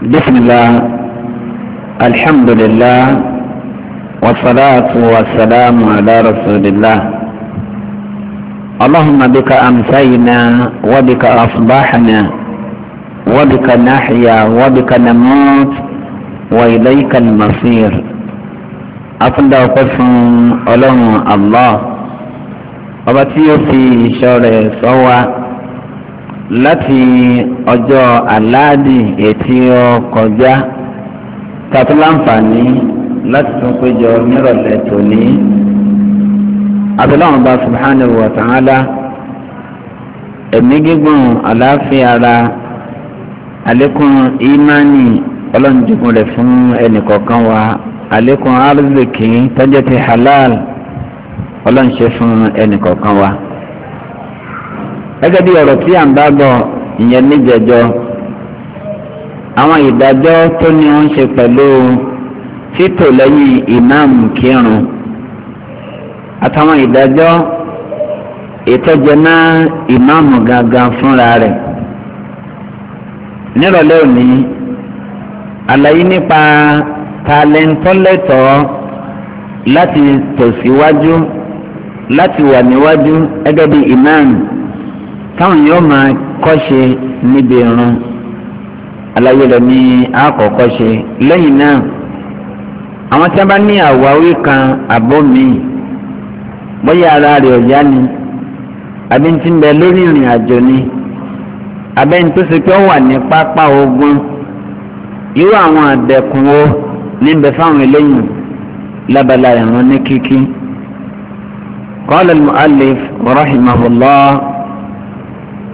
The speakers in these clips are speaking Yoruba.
بسم الله الحمد لله والصلاة والسلام على رسول الله اللهم بك أمسينا وبك أصبحنا وبك نحيا وبك نموت وإليك المصير أفضل قسم علوم الله وبتيو في شر سواه láti ọjọ́ aláàdì ètí ọ kọjá tàbí láǹfààní láti tún péjọ nírọ̀lẹ́ tòní abẹ́láwọn subhanahu wa ta'ala ẹ̀mí gígùn àlàáfíà ara àlékún imani ọlọ́njúkun rẹ̀ fún ẹnìkọ̀ọ̀kan wa àlékún arzikì tọ́jọ́ ti halal ọlọ́nṣe fún ẹnìkọ̀ọ̀kan wa gẹ́gẹ́ bí ọ̀rọ̀ tí à ń bá bọ̀ ìyẹn níjẹ̀jọ́ àwọn ìdájọ́ tó ní wọ́n ṣe pẹ̀lú títò lẹ́yìn ìmáàmù kírun àtàwọn ìdájọ́ ìtọ́jẹ náà ìmáàmù gangan fúnra rẹ̀ nírọ̀lẹ́ òní àlàyé nípa talẹ́ńtọ́lẹ́tọ̀ láti tòsíwájú láti wà níwájú gẹ́gẹ́ bí ìmáàmù táwọn yóò máa kọ́ṣe níbi irun àlàyé rẹ̀ ní àkọ́kọ́ ṣe lẹ́yìn náà àwọn tí wọ́n bá ní àwáwí kan àbọ̀ míì bóyá ara rẹ̀ ọ̀yá ni àbí ti bẹ lórí ìrìn àjò ni abẹ́ni tó ṣe pé ó wà ní pápá ogun irú àwọn àdẹ̀kùn níbẹ̀ fáwọn eléyìn lábala ìrún ní kíkí. قال المؤلف رحمه الله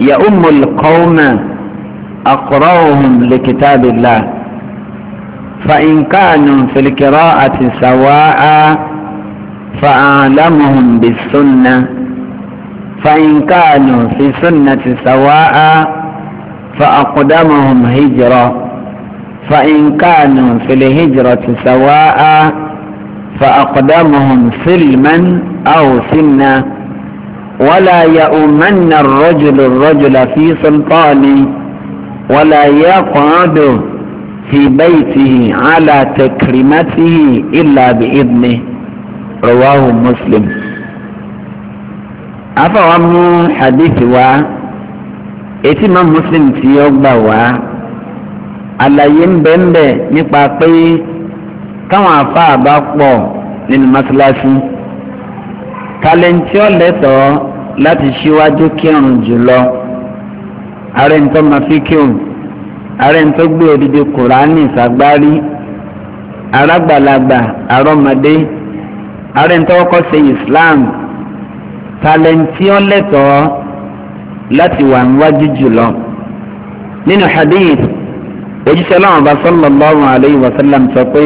يؤم القوم أقرأهم لكتاب الله فإن كانوا في القراءة سواء فأعلمهم بالسنة فإن كانوا في سنة سواء فأقدمهم هجرة فإن كانوا في الهجرة سواء فأقدمهم سلما أو سنة ولا يؤمن الرجل الرجل في سلطانه ولا يقعد في بيته على تكريمته إلا بإذنه رواه مسلم أفهم حديث و إتمام مسلم تيوغبا و على ń bẹ́ẹ̀ nípa pé káwọn àfáà bá talenti ọ̀lẹ́tọ̀ọ́ láti ṣíwájú kírun jùlọ ààrẹ ń tọ́ ma fi kírun ààrẹ ń tọ́ gbé odidi kùránì sàgbárí arágbàlagbà àrọ́mọdé ààrẹ ń tọ́ ṣe Islam talenti ọ̀lẹ́tọ̀ọ́ láti wà níwájú jùlọ nínú hadith òjíṣẹ́ láwọn bá sallallahu alayhi wa sallam sọ pé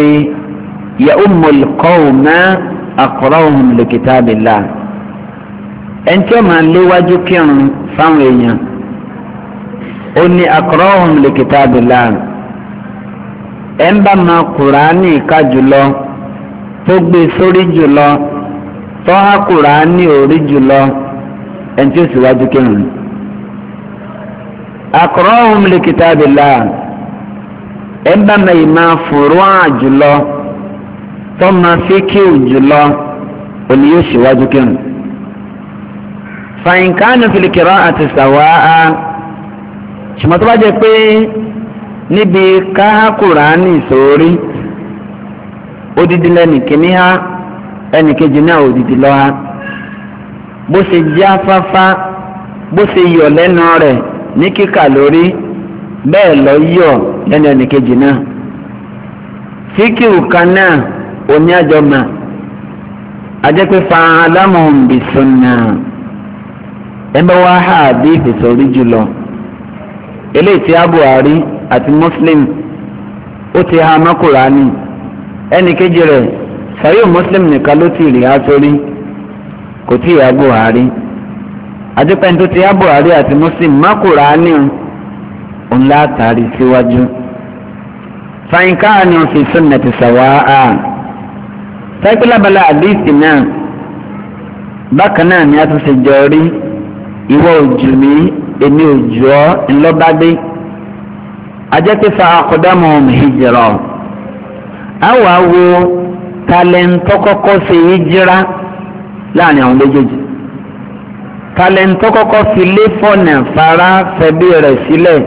ya ummul qawma aqra'uhum li kitabillah ẹni tí ó máa léwájú kírun fáwọn èèyàn ó ní aqra'uhum li kitabillah ẹ ń bá máa kùránì ká jùlọ tó gbé e sórí jùlọ tó há kùránì orí jùlọ síwájú kírun aqra'uhum li kitabillah ẹ ń yìí máa fòrò àjùlọ tọ́mọ fíkìú jùlọ òní yóò ṣèwájú kírun. fàyínkánu fìlìkìrọ àti sàwáà ṣùgbọ́n tó bá jẹ pé níbi káàkùránì sórí odidi lẹ́nì kìíní ha ẹnì kejì náà odidi lọ ha bó ṣe jẹ́ afáfá bó ṣe yọ lẹ́nu rẹ̀ ní kíkà lórí bẹ́ẹ̀ lọ yọ lẹ́nu ẹnì kejì náà fíkìú kan náà oní àjọmọ̀ ajẹ́pẹ́ fàálámù bìsọ̀nà ẹ̀bẹ̀ wá ha bí ìfẹ̀sọ̀rí jùlọ eléyìí tí Buhari àti Muslim ó ti ha mọ́kùránì ẹnì kejì rẹ̀ sàyò Muslim nìkan ló ti rí asorí kò tí ìyá Buhari ajẹ́pẹ́ tó ti ha àti Muslim mọ́kùránì ńlá tàrí síwájú fàyínká ni òfin sunnati sàwáà bala àdéhìsì náà bákan náà ni a tún ṣe jọ rí ìwọ òjò mi èmi òjò ọ ńlọ́bádé ajẹ́pẹ́fà àkọ́dámọ̀ hìjìrọ̀ àwọn awo talẹ̀ntọ́ kọ́kọ́ ṣe hìjìrá láàrin àwọn méjèèjì talẹ̀ntọ́ kọ́kọ́ fi lé fara fẹ̀bí rẹ̀ sílẹ̀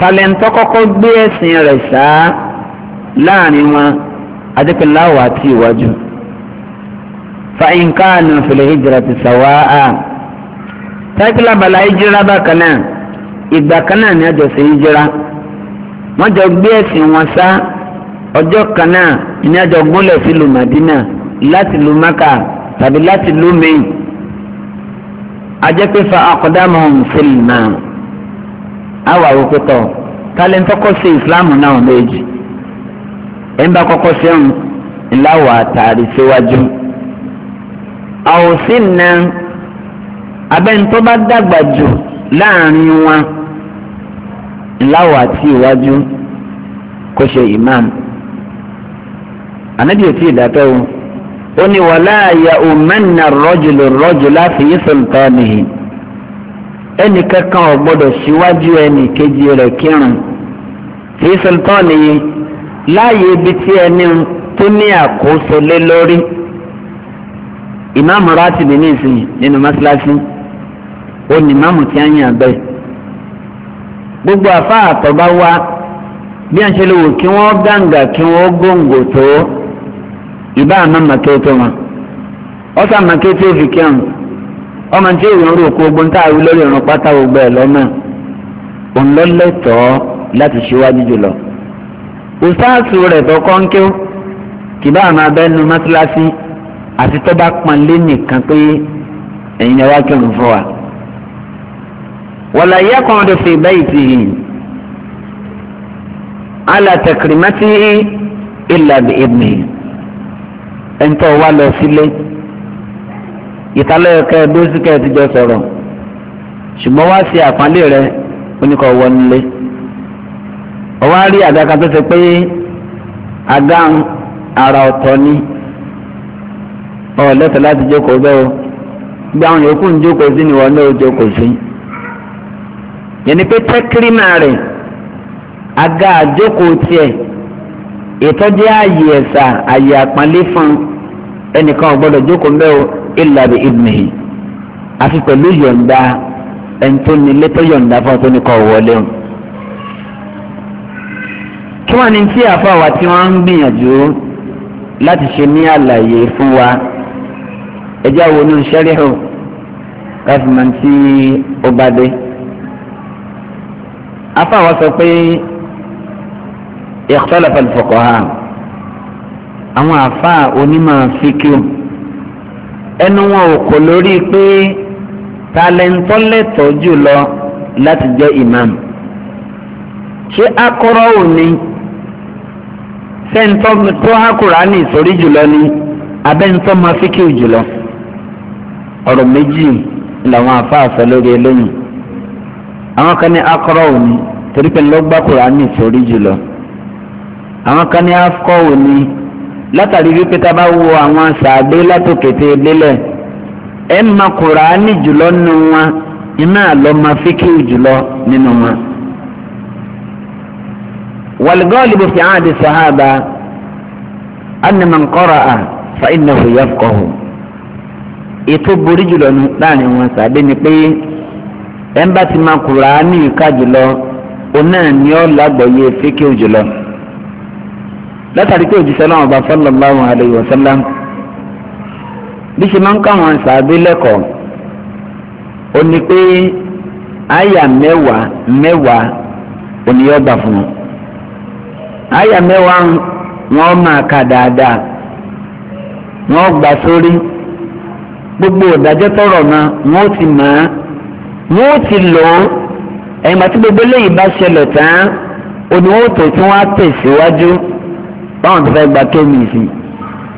talẹ̀ntọ́ kọ́kọ́ gbé ẹ̀sìn rẹ̀ sá láàrin wọn adékèláwà àti ìwájú. fàyínkáànù fìlẹ̀ hijira ti sàwá a. tákìlá bala hijira bákan náà ìgbà kan náà ni a jọ ṣe hijira. wọ́n jọ gbé ẹ̀sìn wọn sá ọjọ́ kan náà ni a jọ gúnlẹ̀ sí lu Madina láti lu Maka tàbí láti lu maine. ajẹ́pẹ́fà akọ̀dámọ̀ fìlì náà. a wà wò pẹ́tọ̀ sí ìsìláàmù náà méjì ẹnba kọ́kọ́ sẹ́hùn ńlá wà tààrí síwájú. àwòsí na abẹ́ntọ́ bá dàgbà jù láàrin wa ńlá wà tí iwájú kò ṣe imam. ànábì ò tí ì dàtọ́ o ó ní wàlá àyà òmẹ́nà rọ́jùlù rọ́jù láti yíṣọ̀lùtọ́ nìyí ẹnì kankan ò gbọ́dọ̀ síwájú ẹnì kejì rẹ̀ kírun fi sultani láàyè ibi tí ẹni tó ní àkóso lé lórí ìmáàmù rátìbì ní ìsìn nínú mọ́sálásí ó ní ìmáàmù tí a ń yàn bẹ́ẹ̀ gbogbo àfa wa bí a ṣe lè wò kí wọ́n gàǹgà kí wọ́n góńgò tó ìbá àmọ́ màkété wọn ọ̀sán màkété fi kẹ́hùn ọmọ tí èèyàn rò kó ogun tá a rí lórí ìrún pátá gbogbo ẹ̀ òun lọ́lẹ́tọ̀ọ́ láti ìsáàsù rẹ̀ tó kọ́ńké kìbá àmọ́ abẹ́nu mọ́tíláṣí àti tó bá pọ́nlé nìkan pé ẹ̀yin ẹ̀wá kírun fún wa. wàlàyé kan ló fi bẹ́ẹ̀ tì í alàtẹ̀kìrìmẹ́tì ìlàbí ìbùnì ẹ̀ńtọ́ wa lọ sílé ìtàlẹ́yọkẹ́ dósìkẹ́ ti jọ sọ̀rọ̀ ṣùgbọ́n wá sí àpọ́nlé rẹ̀ oníkọ̀ nílé ọwọ́ rí àga kan tó ṣe pé àga ara ọ̀tọ̀ ni ọ̀lẹ́tọ̀ láti jókòó bẹ́ẹ̀ o gbé àwọn yòókù ń jókòó sí ni wọ́n náà jókòó sí yẹnni pé tẹ́kírínà rẹ̀ àga àjókòó tiẹ̀ ìtọ́jú ààyè ẹ̀sà ààyè àpọ́nlé fún ẹnìkan ò gbọ́dọ̀ jókòó mbẹ́ o illa bi idnihi àfi pẹ̀lú yọ̀ǹda ẹ̀ńtóni létọ́ yọ̀ǹda fún ọ̀tún ní wọlé o kí wọ́n ní tí àfàwà tí wọ́n ń gbìyànjú láti ṣe ní àlàyé fún wa ẹjẹ́ àwọn oníṣẹ́rìhù káfíńmọ́n tí ó bá wa àfàwà sọ pé ikhtalafa al-fuqaha àwọn àfà onímọ̀ fíkìú ẹnu wọn ò kò lórí pé talẹ̀ntọ́lẹ̀tọ̀ jùlọ láti jẹ́ imam ṣé akọ́rọ́ òní. sẹ́ńtọ́ tó há kùránì sori jùlọ ni abẹ́ńtọ́ máa fíkì jùlọ ọ̀rọ̀ méjì làwọn afáàfẹ́ lórí eléyìí àwọn kan ní akọ́rọ̀ òní torí pé ló gbá kùránì sórí jùlọ àwọn kan ní akọ́ òní látàrí wípé tá a bá wo àwọn sàádé látòkété délẹ̀ ẹ̀ máa kùránì jùlọ nínú wọn iná àlọ́ máa o jùlọ nínú wọn. والغالب في عهد الصحابة أن من قرأ فإنه يفقه ìtòbò orí jùlọ ní láàrin wọn sàbẹ ni pé ẹnba ti máa kura ní ìka jùlọ onáà ni ọ lágbọ̀ọ́yé fíkìú jùlọ látàrí pé òjíṣẹ́ náà ọba sallallahu alayhi wa sallam bí ṣe máa ń kọ́ àwọn sàbẹ lẹ́kọ̀ọ́ ó ní pé àyà mẹ́wàá mẹ́wàá òníyọ́ gbà fún wọn. aya mẹ́wàá wọn máa kà dáadáa wọn gbogbo ìdájọ́ tọrọ náà wọn ti mọ̀ á ti lò ẹ̀yìn àti gbogbo eléyìí bá ṣẹlẹ̀ tán òní wọn ó tó tí wọn á tẹ̀síwájú báwọn tó fẹ́ gba kémi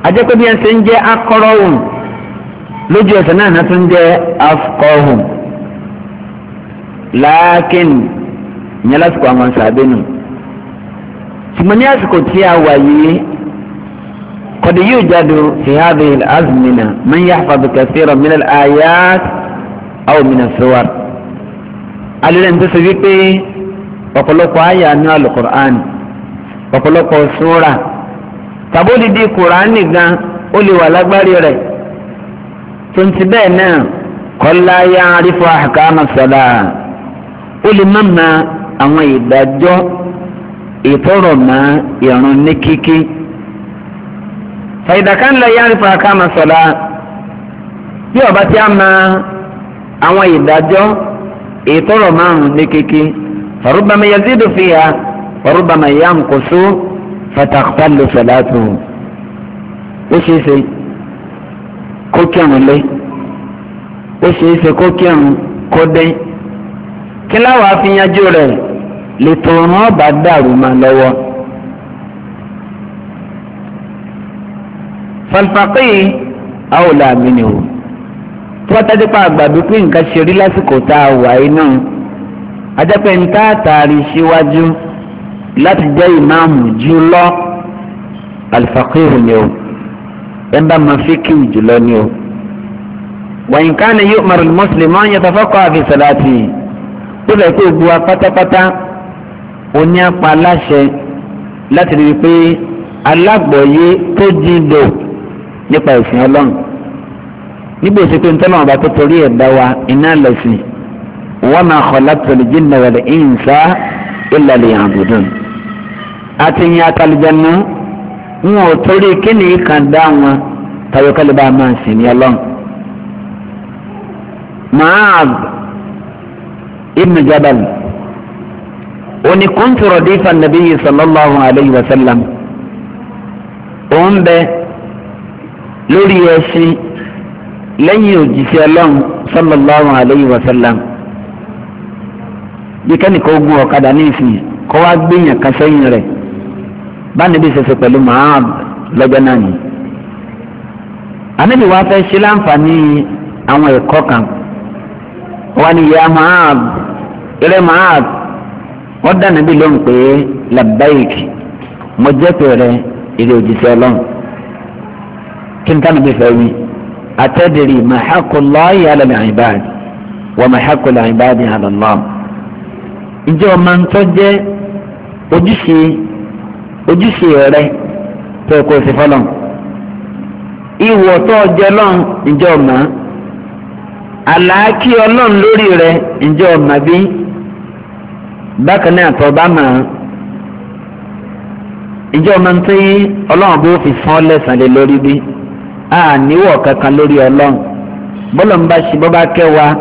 ajẹ́pẹ́ bí ẹ ṣe ń jẹ́ akọ́rọ́hùn lójú ẹsẹ̀ náà náà tún jẹ́ ṣùgbọ́n ní àsìkò tí a wà yìí kọ̀dí yóò jáde fi hàdí azmina man yahfadu kathiran min al-ayat aw min as-suwar. alẹ́ ní tó ṣe wípé ọ̀pọ̀lọpọ̀ àyà ní alukur'an ọ̀pọ̀lọpọ̀ sura tàbí odidi kùránì gan ó lè wà lágbárí rẹ̀ tó bẹ́ẹ̀ náà kọ́lá yá rífọ́ àkàmà sọ́lá ó lè má ma àwọn ìdájọ́ ìtọ́rọ̀ mọ́ ìrún ní kíkí. fàyídàkan lọ yára fún akáàmà sọ̀la bí ọba tí a mọ àwọn ìdájọ́ ìtọ́rọ̀ márùn ní kíkí farubama yazidu fiha farubama yankusu fatakpalu salatu ó ṣe é ṣe kó kírun lé ó ṣe kó kírun kó dé kí láwàá fi yanjú rẹ̀ lètò ọ̀ràn ọba dàrú ma lọ́wọ́. falfaqi àwòlà àmìnì o tí wọ́n tẹ́tí pa àgbàdo pé nǹkan ṣe rí lásìkò tá a wà iná ajẹ́pẹ́ ń tá àtàrí síwájú láti jẹ́ ìmáàmù jù lọ alfaqi ni o ẹ̀ bá ma fi kí jùlọ ni o. وإن كان يؤمر المسلم أن يتفقه في صلاته كل يكون بوا فتا فتا oní apá aláṣẹ láti rí i pé alágbọ̀yé tó jíndò nípa ìsìn ọlọ́run níbo sí pé ntọ́lọ́wọ́n bá tó torí ẹ̀ dá wa iná lẹ̀sìn wa ma khalaqtul jinna wal insa illa liya'budun àti ìyẹn àtàlùjẹnu wọn ò torí kíni kan dá wọn tàbí kálí bá máa sìn ní ọlọ́run. Ma'ad ibn Jabal oni kuntu rọdífà nàbíyí sallallahu alayhi wa sallam ó ń bẹ lórí ẹṣin lẹ́yìn òjìṣẹ́ ọlọ́run sallallahu alayhi wa sallam bí kẹ́nìkan ogun ọ̀kadà ní ìsìn kọ́ wá gbìyàn kan sẹ́yìn rẹ̀ bá níbi ìṣẹ̀ṣẹ̀ pẹ̀lú mahab lọ́jọ́ náà ni àníbi wàá fẹ́ ṣe láǹfààní àwọn ẹ̀kọ́ kan wọ́n ní ya mahab eré mahab wọ́n dá nàbí ló ń pè é labaik mo jẹ́ pé rẹ èrè òjìṣẹ́ ọlọ́run kí n ká nàbí fẹ́ mi àtẹ́dìrì mahaqullahi ala al-ibad wa mahaqqul ibadi ala Allah ǹjẹ́ o máa jẹ́ ojúṣe ojúṣe rẹ tó kó o sì fọ́lọ̀ ìwọ̀ tó o jẹ́ lọ́n ǹjẹ́ o àlàákí ọlọ́run lórí rẹ ǹjẹ́ o mọ̀ bákan náà tó bá ìjọ máa ń tí ọlọ́run bó fi lẹ́sàn lé lórí bí a níwọ̀ kankan lórí ọlọ́run bọ́lọ̀ ń bá ṣe bọ́ bá kẹwàá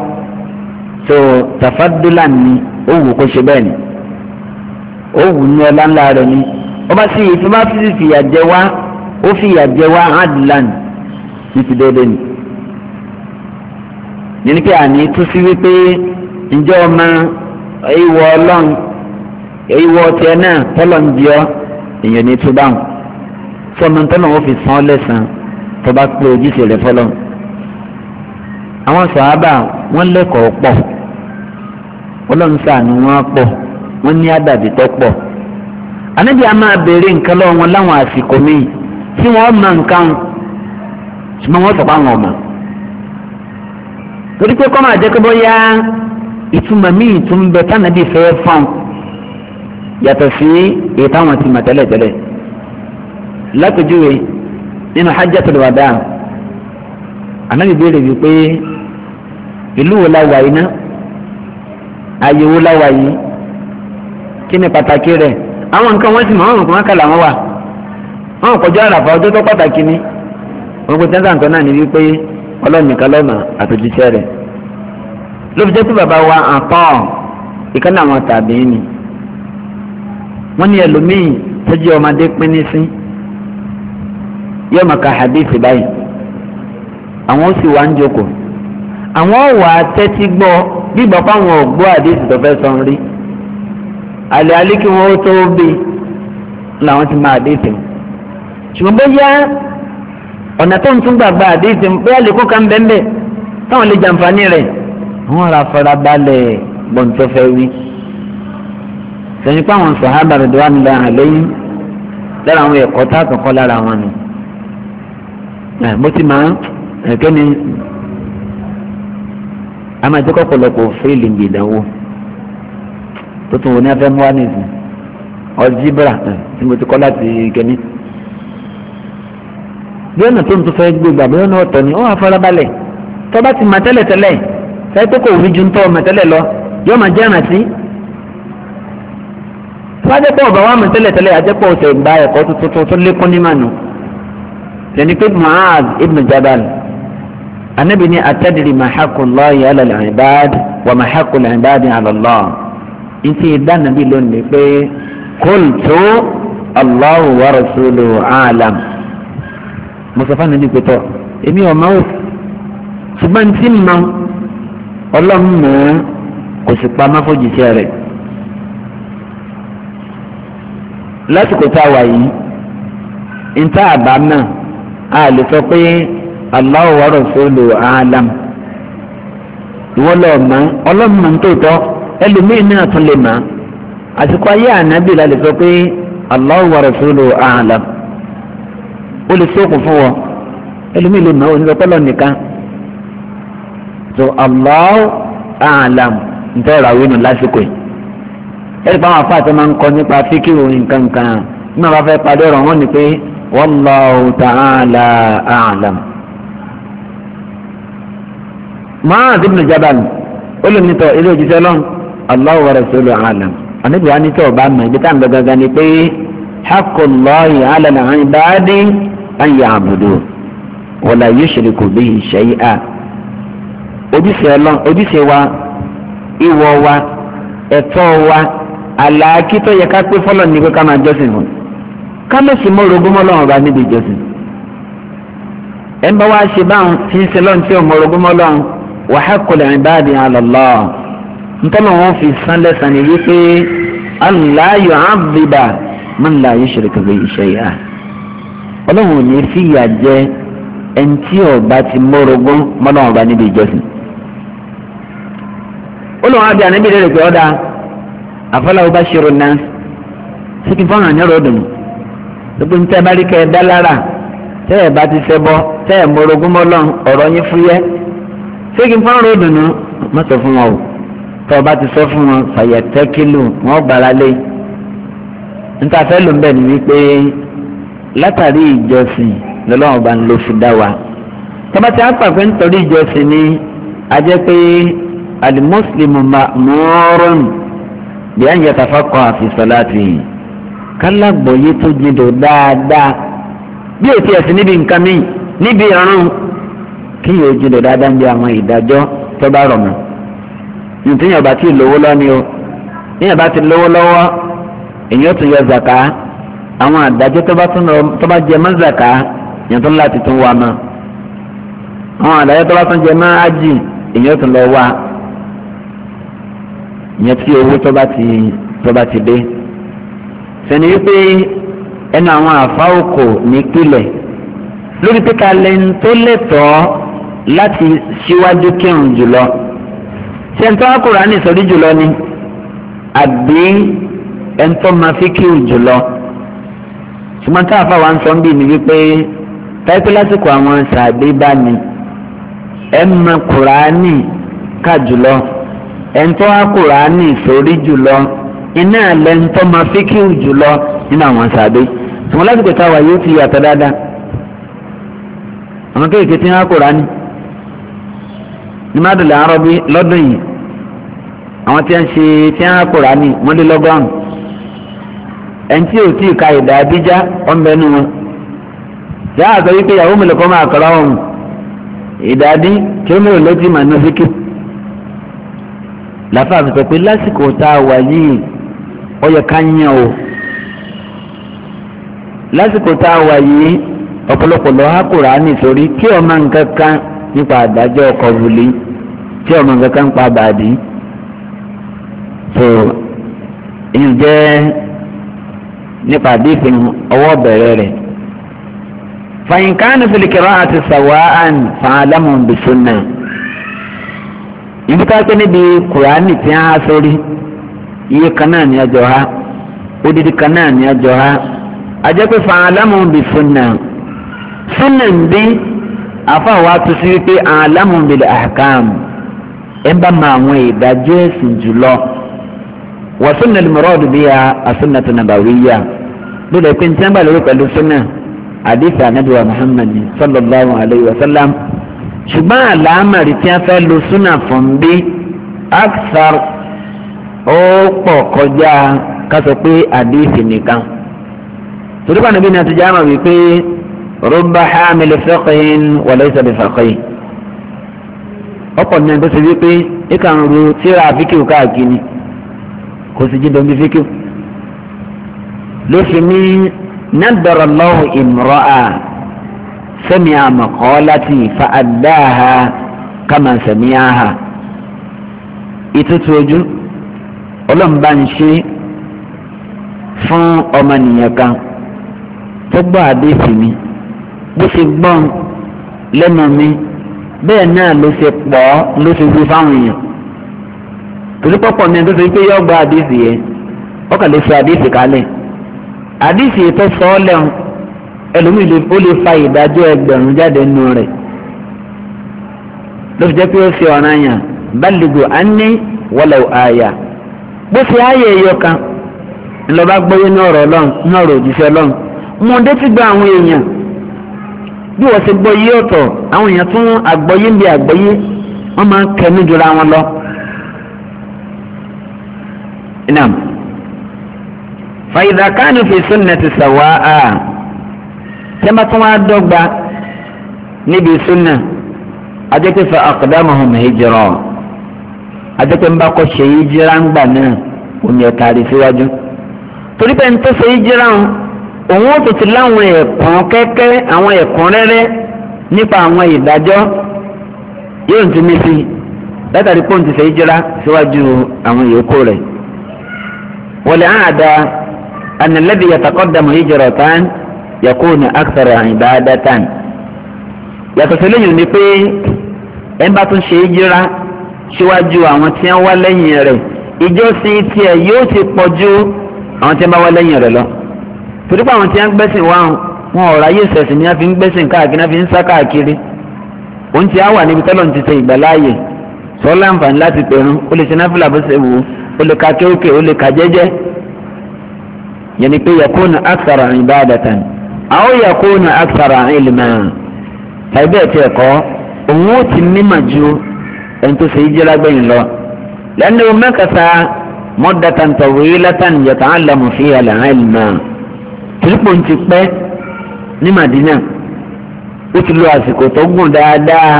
tó tàfádúlà ni ó kó ṣe bẹ́ẹ̀ ni ó ní ọlá ńlá rẹ̀ ni ó bá sì bá fìyà ni nínú ìwọ ọlọ́run ìwọ ẹ náà tọ́lọ̀ ń bí ọ èèyàn ní tó báwọn fọmọ tọ́lọ̀ wọn fi san ọ lẹ́sàn-án tó bá pé ojúṣe rẹ àwọn sàábà wọn lẹ́kọ̀ọ́ pọ̀ ọlọ́run sàánú wọn pọ̀ wọn ní àdàbí tó pọ̀ a máa béèrè nǹkan lọ́wọ́ wọn láwọn àsìkò míì tí wọ́n mọ nǹkan ṣùgbọ́n wọ́n wọn torí pé kọ́ máa jẹ́ ìtumọ̀ míì tún bẹ tánàbí fẹ́ fún yàtọ̀ sí èyí táwọn ti mọ̀ tẹ́lẹ̀tẹ́lẹ̀ lápèjúwe nínú hajjatul wada ànábì béèrè wípé ìlú wo la wà yìí ná ààyè wo la wà yìí kí ni pàtàkì rẹ̀ àwọn nǹkan wọ́n sì mọ̀ àwọn nǹkan kàlà wọn wà wọn kọjá àràfà ọjọ́ tó pàtàkì ni wọn kò tẹ́ńtà nǹkan náà ní wípé ọlọ́ọ̀nìkan lọ́nà àtòjíṣẹ́ rẹ̀ ló fi jẹ́ pé bàbá wa àpá ìkànnì àwọn tàbí ni wọ́n ní ẹlòmíì tó jẹ́ ọmọdé pín ní sí yóò máa ka hadith báyìí àwọn ó sì wá ń jókòó àwọn ò wá tẹ́tí gbọ́ bí ìgbà fáwọn ògbó hadith tó fẹ́ sọ rí àlẹ́ alẹ́ kí wọ́n tó bí làwọn ti máa hadith mu ṣùgbọ́n bóyá ọ̀nà tó ń tún gbàgbà hadith mu bóyá lè kó kan bẹ́ẹ̀ bẹ́ẹ̀ táwọn lè jàǹfààní rẹ̀ wọ́n ra farabalẹ̀ gbọ̀ntẹ́fẹ́ wí. sẹ́yìn pé àwọn sàhábà rẹ̀ dùn àmì lẹ́hàn lẹ́yìn lára àwọn ẹ̀kọ́ tá a tún kọ́ lára wọn ni. mo ti máa ẹ̀kẹ́ ni a máa jẹ́ kọ́pọ̀lọpọ̀ fíìlì ń gbìdánwò tó tún wọ ní afẹ́ mú wá nìyí tí mo ti kọ́ láti kẹ́ni bí ọ̀nà tó ń tún fẹ́ gbé gbà ọ̀nà ọ̀tọ̀ ni ó wà farabalẹ̀ tọ́ba ti mà tẹ́lẹ̀tẹ́lẹ̀ fẹ́ pé kò ní ju ń tọ́ ọmọ tẹ́lẹ̀ lọ yóò máa jẹ́ ìrántí. fájẹ́pọ̀ ọ̀bà wa mọ̀ tẹ́lẹ̀ tẹ́lẹ̀ àjẹpọ̀ ọ̀sẹ̀ gba ẹ̀kọ́ tuntun tó lékún ní mànú. yẹnni pé Mu'adh ibn Jabal anabi ni atadiri mahakullahi ala al-ibad wa mahakul ibad nti ìdánabí lónìí pé kultu Allahu wa rasuluhu alam musafa nínú ìpẹtọ èmi ọmọ o ṣùgbọ́n tí mo ọlọ́run mọ̀ ọ́n kò sì pa máfòjìṣẹ́ rẹ̀ lásìkò tá a wà yìí níta àbá náà a lè sọ pé Allahu wa rasulu alam ìwọ lọ mọ̀ ọlọ́run mọ̀ nítòótọ́ ẹlòmíín náà tún lè mọ̀ àsìkò ayé ànábì la lè sọ pé Allahu wa rasulu alam ó lè sókun fún wọn ẹlòmíín lè mọ̀ ọ́ nígbà pẹ́lú ọ̀nìkan so Allahu a'lam nítorí ìràwé nù lásìkò yìí ẹ̀rí pa àwọn afáàtì máa ń kọ nípa fíkìrì nǹkan kan ní àwọn afẹ́ padà ọ̀rọ̀ wọn ni pé wallahu ta'ala a'lam. Mu'adh ibn Jabal olùmítọ̀ ilé òjíṣẹ́ lọ́n Allahu wa rasuluhu a'lam àníbi anítọ̀ ọba mọ̀ ibi tá à ń lọ gangan ni pé haqqullahi 'ala al-'ibadi an ya'buduhu wa la yushriku bihi shay'a ojúṣe ọlọ́n ojúṣe wa ìwọ wa ẹ̀tọ́ wa àlàákí tó yẹ ká pé fọlọ́ ní pé ká máa jọ́sìn fún ká lè sì mọ orogún mọ́ lọ́wọ́ bá níbi ìjọsìn ẹ̀ ń bá wá ṣe báwọn tí ń ṣe lọ́n tí ò mọ orogún mọ́ lọ́wọ́ wa haqqul ibadi ala Allah ntọ́nà wọn fi san lẹ́sàn ní wípé Allah yu'adhiba man la yushriku bihi shay'a ọlọ́run ò ní fìyà jẹ ẹni tí ọba ti mọ orogún mọ́ lọ́wọ́ bá níbi ìjọsìn olùwọ́n abẹ́ ànábì rẹ̀ pé ọ̀dà àfọláwo bá ṣòro náà síkì fún àwọn ẹ̀rọ ọ̀dùn gbogbo ní tẹ́ bá rí kẹ́ ẹ dá lára tẹ́ ẹ bá ti fẹ́ bọ́ tẹ́ ẹ mọ orogún mọ́ lọ́n ọ̀rọ̀ yín fúyẹ́ síkì fún ọ̀rọ̀ ọ̀dùn nù sọ fún wọn o tọ́ ọ bá ti sọ fún wọn fàyẹ̀ tẹ́ kílù wọn gbára lé níta fẹ́ ló ń bẹ̀ ni wípé látàrí ìjọsìn lọ́lọ́run bá ń lo fi dá wa tọ́ba ti á pàpẹ́ nítorí ìjọsìn ni a jẹ́ pé alimuslimu ma'murun bí a ń yẹ tafakọ àfi sọláàtì kálágbòye tó jìndò dáadáa bí ètí ẹ̀sìn níbi nǹkan mi níbi ìrún kí yóò jìndò dáadáa ń bí àwọn ìdájọ́ tó bá rọ̀ mọ́ nítorí ọba tí lówó lọ́ni o ní ọba tí lówó lọ́wọ́ èyàn tún yọ zàká àwọn àdájọ́ tó bá jẹ mọ́ zàká èyàn tún láti tún wà mọ́ àwọn àdájọ́ tó bá tún jẹ mọ́ ájì èyàn tún lọ wà ìyẹn tí owó tó bá ti tó bá ti dé sẹ́ni wípé ẹnu àwọn àfáwòkò ní pílẹ̀ lórí pípa lẹ́nu tó lẹ́tọ̀ọ́ láti síwájú kírun jùlọ sẹ́ńtọ́ akùránì sọ́rí jùlọ ni àbí ẹ̀ńtọ́ máa fi kírun jùlọ ṣùgbọ́n tá a fà wá ń sọ bíi ni wípé táìpé lásìkò àwọn sàbí bá ní ẹ̀ mọ kùránì ká jùlọ ẹ̀ńtọ́ akùránì sórí jùlọ iná ẹ̀lẹ́ńtọ́ máa fíkìú jùlọ nínú àwọn sàbẹ̀ ṣùgbọ́n lásìkò táwa yóò ti yàtọ̀ dáadáa àwọn kéèké tí wọ́n akùránì ní mádùlẹ̀ arọ́bí lọ́dún yìí àwọn tí wọ́n ṣe tí wọ́n akùránì wọ́n lé lọ́gọ́rùn ẹ̀ńtí ò tí ì ka ìdá abíjá ọ̀nbẹ́nu wọn yàrá àgbẹ̀ wípé yàwó mi lè kọ́ máa kọ́ra wọn ìdádí kí ó mèrè ló ti mà ní fíkìú làfà mi sọ pé lásìkò tá a wà yìí ó yẹ ká yàn o lásìkò tá a wà yìí ọ̀pọ̀lọpọ̀ lọ́ há Kùránì sórí tí ọmọ nǹkan kan nípa àdájọ́ ọkọ̀ wùlé tí ọmọ nǹkan kan pa bàdí so ìyẹn jẹ́ nípa àdéhùn ọwọ́ bẹ̀rẹ̀ rẹ̀ fàyínká ní fìlìkìrọ̀ àti sàwáàn fàálámù bìsúnà ibi ká pé níbi kùránì tí a há sórí iye kan náà ni ọjọ́ ha odidi kan náà ni ọjọ́ ha ajẹ́ pé fàálámù bí sunna sunna ń bí àfàwà tó sí wípé àlámù bil ahkam ẹ bá ma àwọn ìdájọ́ ẹ̀sìn jùlọ wà sunna al-murad biha as-sunnatu nabawiyya lórí ẹ̀pẹ́ ní tí wọ́n bá lórí pẹ̀lú sunna àdìsí ànábìwá muhammad sallallahu alayhi wa sallam ṣùgbọ́n àlámàrí tí a fẹ́ lo súnà fún bí aksar ó pọ̀ kọjá ká sọ pé àdéhìí nìkan torí kan níbi ní àtijọ́ àmọ̀ wípé rubba hamil fiqhin wa laysa bi faqih ọ̀pọ̀ ní ẹni tó wípé ìkà ń ru tíra fíkìw káàkiri kò sì jí domi fíkìw ló fi ní nadara Allahu imra'a sami'a maqalati fa addaha kama sami'aha ìtútù ojú ọlọ́mùbá ń ṣe fún ọmọnìyàn kan tó gbọ́ àdéhùn mi bó ṣe gbọ́n lẹ́nu mi bẹ́ẹ̀ náà ló ṣe pọ̀ ló ṣe wí fáwọn èèyàn torí pọ̀pọ̀ ní tó ṣe pé yọ gba àdéhùn yẹn ọkàn lè sọ àdéhùn kalẹ̀ àdéhùn yẹn tó sọ ọ́ lẹ́hùn ẹlòmíì lè ó lè fa ìdájọ́ ẹgbẹ̀rún jáde nù rẹ̀ ló fi jẹ́ pé ó ṣe ọ̀ràn àyàn bálígò á ní wọ́lẹ̀ àyà bó ṣe ààyè ẹ̀yọ kan ńlọba gbọ́yé ní ọ̀rọ̀ ọlọ́run ní ọ̀rọ̀ òjíṣẹ́ ọlọ́run mo dé ti gba àwọn èèyàn bí wọ́n ṣe gbọ́yé ọ̀tọ̀ àwọn èèyàn tún àgbọ́yé ń bi àgbọ́yé wọ́n máa ń kẹ́mí jura wọn lọ. fàyídà kánú fi sunnati sàwáà. tẹ́mbà tó wá dọ́gba níbi súnà adékèfé aqdamahum hijra adékèfé ńbà kọ́ ṣe hijra ńgbà náà omi ọ̀tá rí síwájú torí pé nítorí ṣe hijra òun ó tètè láwọn ẹ̀kọ́ kẹ́kẹ́ àwọn ẹ̀kọ́ rẹ́rẹ́ nípa àwọn ìdájọ́ yóò tún ní sí látàrí pé òun ti ṣe hijra síwájú àwọn ìyókù rẹ̀ wọlé àádá ànàlẹ́bí yàtàkọ́ dàmú hijra tán. yakunu akthara ibadatan yàtọ̀ sí lẹ́yìn ni pé ẹ bá tún ṣe é jíra síwájú àwọn tí wọ́n wá lẹ́yìn rẹ̀ ìjọsìn tiẹ̀ yóò ti pọ̀ ju àwọn tí wọ́n bá wá lẹ́yìn rẹ̀ lọ torí pé àwọn tí wọ́n gbẹ́sìn wá wọn ọ̀rọ̀ ayé ìṣẹ̀sìn ni wọ́n fi ń gbẹ́sìn káàkiri wọ́n fi ń sá káàkiri òun ti á wà níbi tọ́lọ̀ ti ṣe ìgbàláàyè sọ láǹfààní láti pẹ̀rún ó lè ṣe náfìlà bó ṣe wù ú ó lè ka kéókè ó lè ka jẹ́jẹ́ yẹn ni pé yakun akthara ibadatan àwọn yẹ̀kú na akitara ìlìmọ̀ tàbí ẹ̀tẹ̀ ẹ̀kọ́ òun ó ti mímọ̀ ju ẹni tó ṣe ìjẹ́ra gbẹ̀yìn lọ lẹ́nu mẹ́kàtà mọ́dàtàn tọ̀wé látàn yàtà àlàmù fi àlàhà ìlìmọ̀ tìrìpọ̀ ti pẹ́ ní Madina ó ti lo àsìkò tó gùn dáadáa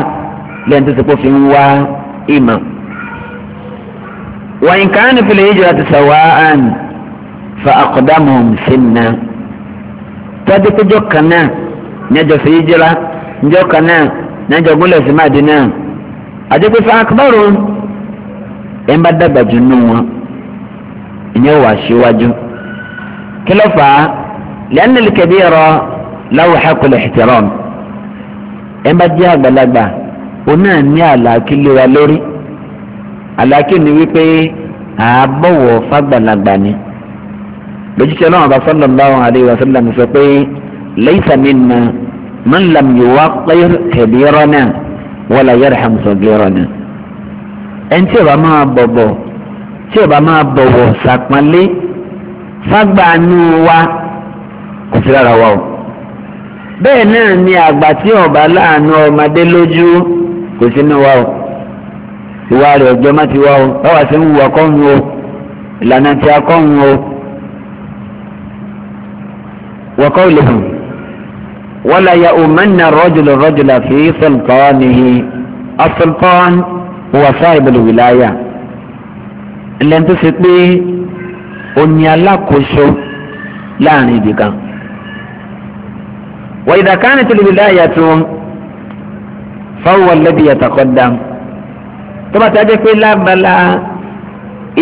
lẹ́yìn pọ̀ fi ń wá ìmọ̀ wàyìnkánu fìlẹ̀ ìjọ àti sàwáàn fa àkọ́dàmù sínú náà tọ́jú péjọ kan náà níjọ sí yíjìlá níjọ kan náà níjọ gúnlẹ̀ sí Mádínà àdékù sọ akọ́bọ̀rọ̀ ẹ̀ ń bá dàgbà jù nù wọn ìyẹn wà síwájú kí ló fà á lẹ́nu lìkẹ́bí ẹ̀rọ láwùjọ haqqul ihtiram ẹ̀ ń bá jẹ́ àgbàlagbà òun náà àlàákí léwa lórí àlàákí ni wípé àábọ̀wọ̀ fàgbàlagbà ni lójúṣe náà bá sallallahu alayhi wa sallam sọ pé laysa minna man lam yuwaqqir kabirana wala yarham saghirana. ẹni tí ó bá máa bọ̀bọ̀ tí ó bá máa bọ̀wọ̀ sàpọ́nlé fágbàánú wa kò sí rárá wa o bẹ́ẹ̀ náà ni àgbà tí ọba láàánú ọmọdé lójú kò sínú wa o ìwà rẹ̀ ọjọ́ má ti wá o báwa ṣe ń wù ọkọ́ ń wo ìlànà tí a ń wo وقولهم ولا يؤمن الرجل الرجل في سلطانه السلطان هو صاحب الولاية اللي انت سيطبي اني الاكوشو لا نبيك وإذا كانت الولاية فهو الذي يتقدم ثم bá ti ajẹ́ pé lábala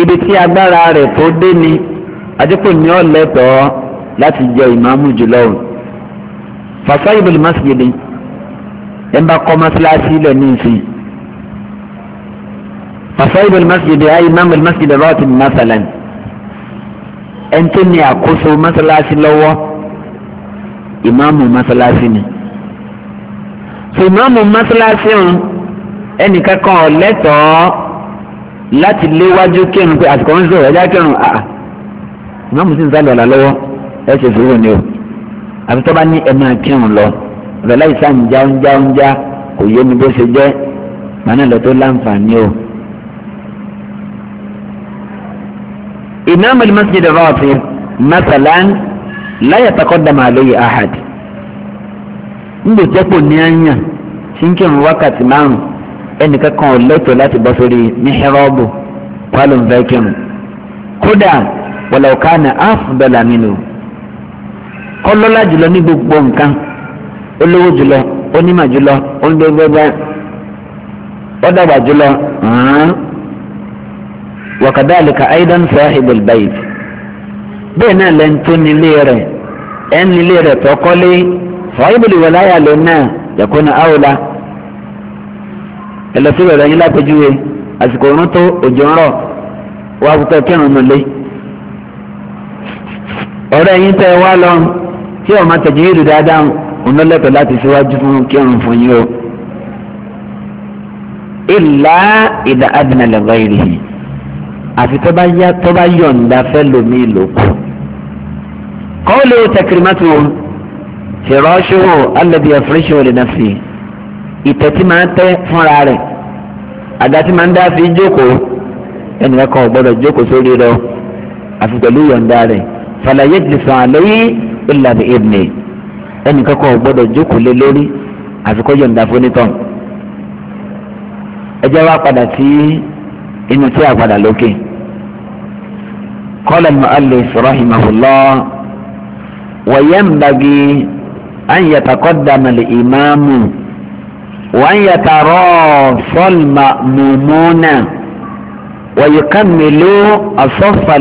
ibi tí agbára rẹ̀ tó dé ni ajẹ́ pé ní ọ̀lẹ́tọ̀ọ́ láti jẹ ìmáàmù jùlọ o fasayibul masjid ẹ bá kọ́ mọ́sálásí lẹ̀ ní ìsìn fasayibul masjid ayé imáàmù masjid rọ́ọ̀tì masalan ẹ̀ ń tó ní àkóso mọ́sálásí lọ́wọ́ ìmáàmù mọ́sálásí ni ìmáàmù mọ́sálásí ọ̀hún ẹnìkan kan ò lẹ́tọ̀ọ́ láti léwájú kírun pé àsìkò ń sọ̀rọ̀ ẹ̀já kírun àà ìmáàmù sì ń sálọ̀ ọ̀la lọ́wọ́ ẹ ṣe sùúrù ni o àfi tó bá ní ẹ máa kírun lọ ọ̀rẹ́ láì sáà ń já ń já ń já kò yé mi bó ṣe jẹ́ màánà lọ tó láǹfààní o. ìmáàmù masjid rọ́ọ̀tì masalan láyà takọ́ dàmà àlóyè ahad ńgbè jẹ́pọ̀ ní àyàn tí ń kírun wákàtí márùn ẹnìkan kan ò lẹ́tọ̀ọ́ láti bọ́ sórí mihrọ́ọ̀bù pálọ̀ ń kódà wọ̀lọ̀ká na nínú ọlọ́lá jùlọ ní gbogbo nǹkan olówó jùlọ onímọ̀ jùlọ onídẹ́gbẹ́gbẹ́ ọ̀dàgbà jùlọ hàn wakadàlíkà aidan sahibul bayt bẹ́ẹ̀ náà lẹ́nu tó nílé rẹ̀ ẹ̀ nílé rẹ̀ tọ́kọ́lé sahibul wàláyà lónìí náà yakuna awla ẹlẹsìn rẹ yín lápẹjúwe àsìkò òun tó òjò ń rọ wá púpọ̀ kírun nulẹ̀ ọ̀rẹ́ yín tẹ́ wá lọ tí ọmọ tẹ̀jìrì dáadáa onólẹ́tọ̀ láti síwájú fún kírun fún yín o. ìlà ìdá adìmọ̀ lẹ́gbọ́ ìrìhì àfi tó bá yá tó bá yọ̀ǹda fẹ́ lomi lòkù. kọ́ọ̀lù tẹkìrìmọ́tò fìrọ́ṣùwò alẹ́bí ẹ̀fúrẹ́ṣùwò lè nàfi ìtẹ̀tí máa ń tẹ́ fúnra rẹ̀ àga tí máa ń dá fi jókòó ẹnìkan kan ò gbọ́dọ̀ jókòó sórí rẹ̀ àfi pẹ̀lú yọ̀ǹda rẹ̀ fàlàyé ti sàn àlẹ́ illa bi ibni ẹnì kankan ò gbọ́dọ̀ jókòó lé lórí àfikọ́ yọ̀ǹda fónítàn ẹ jẹ́ wá padà sí inú tí a padà lókè qala al-mu'allif rahimahullah wa yanbaghi an yataqaddama al-imamu wa an yatarafa al-ma'mumuna wa yukammilu as-saffa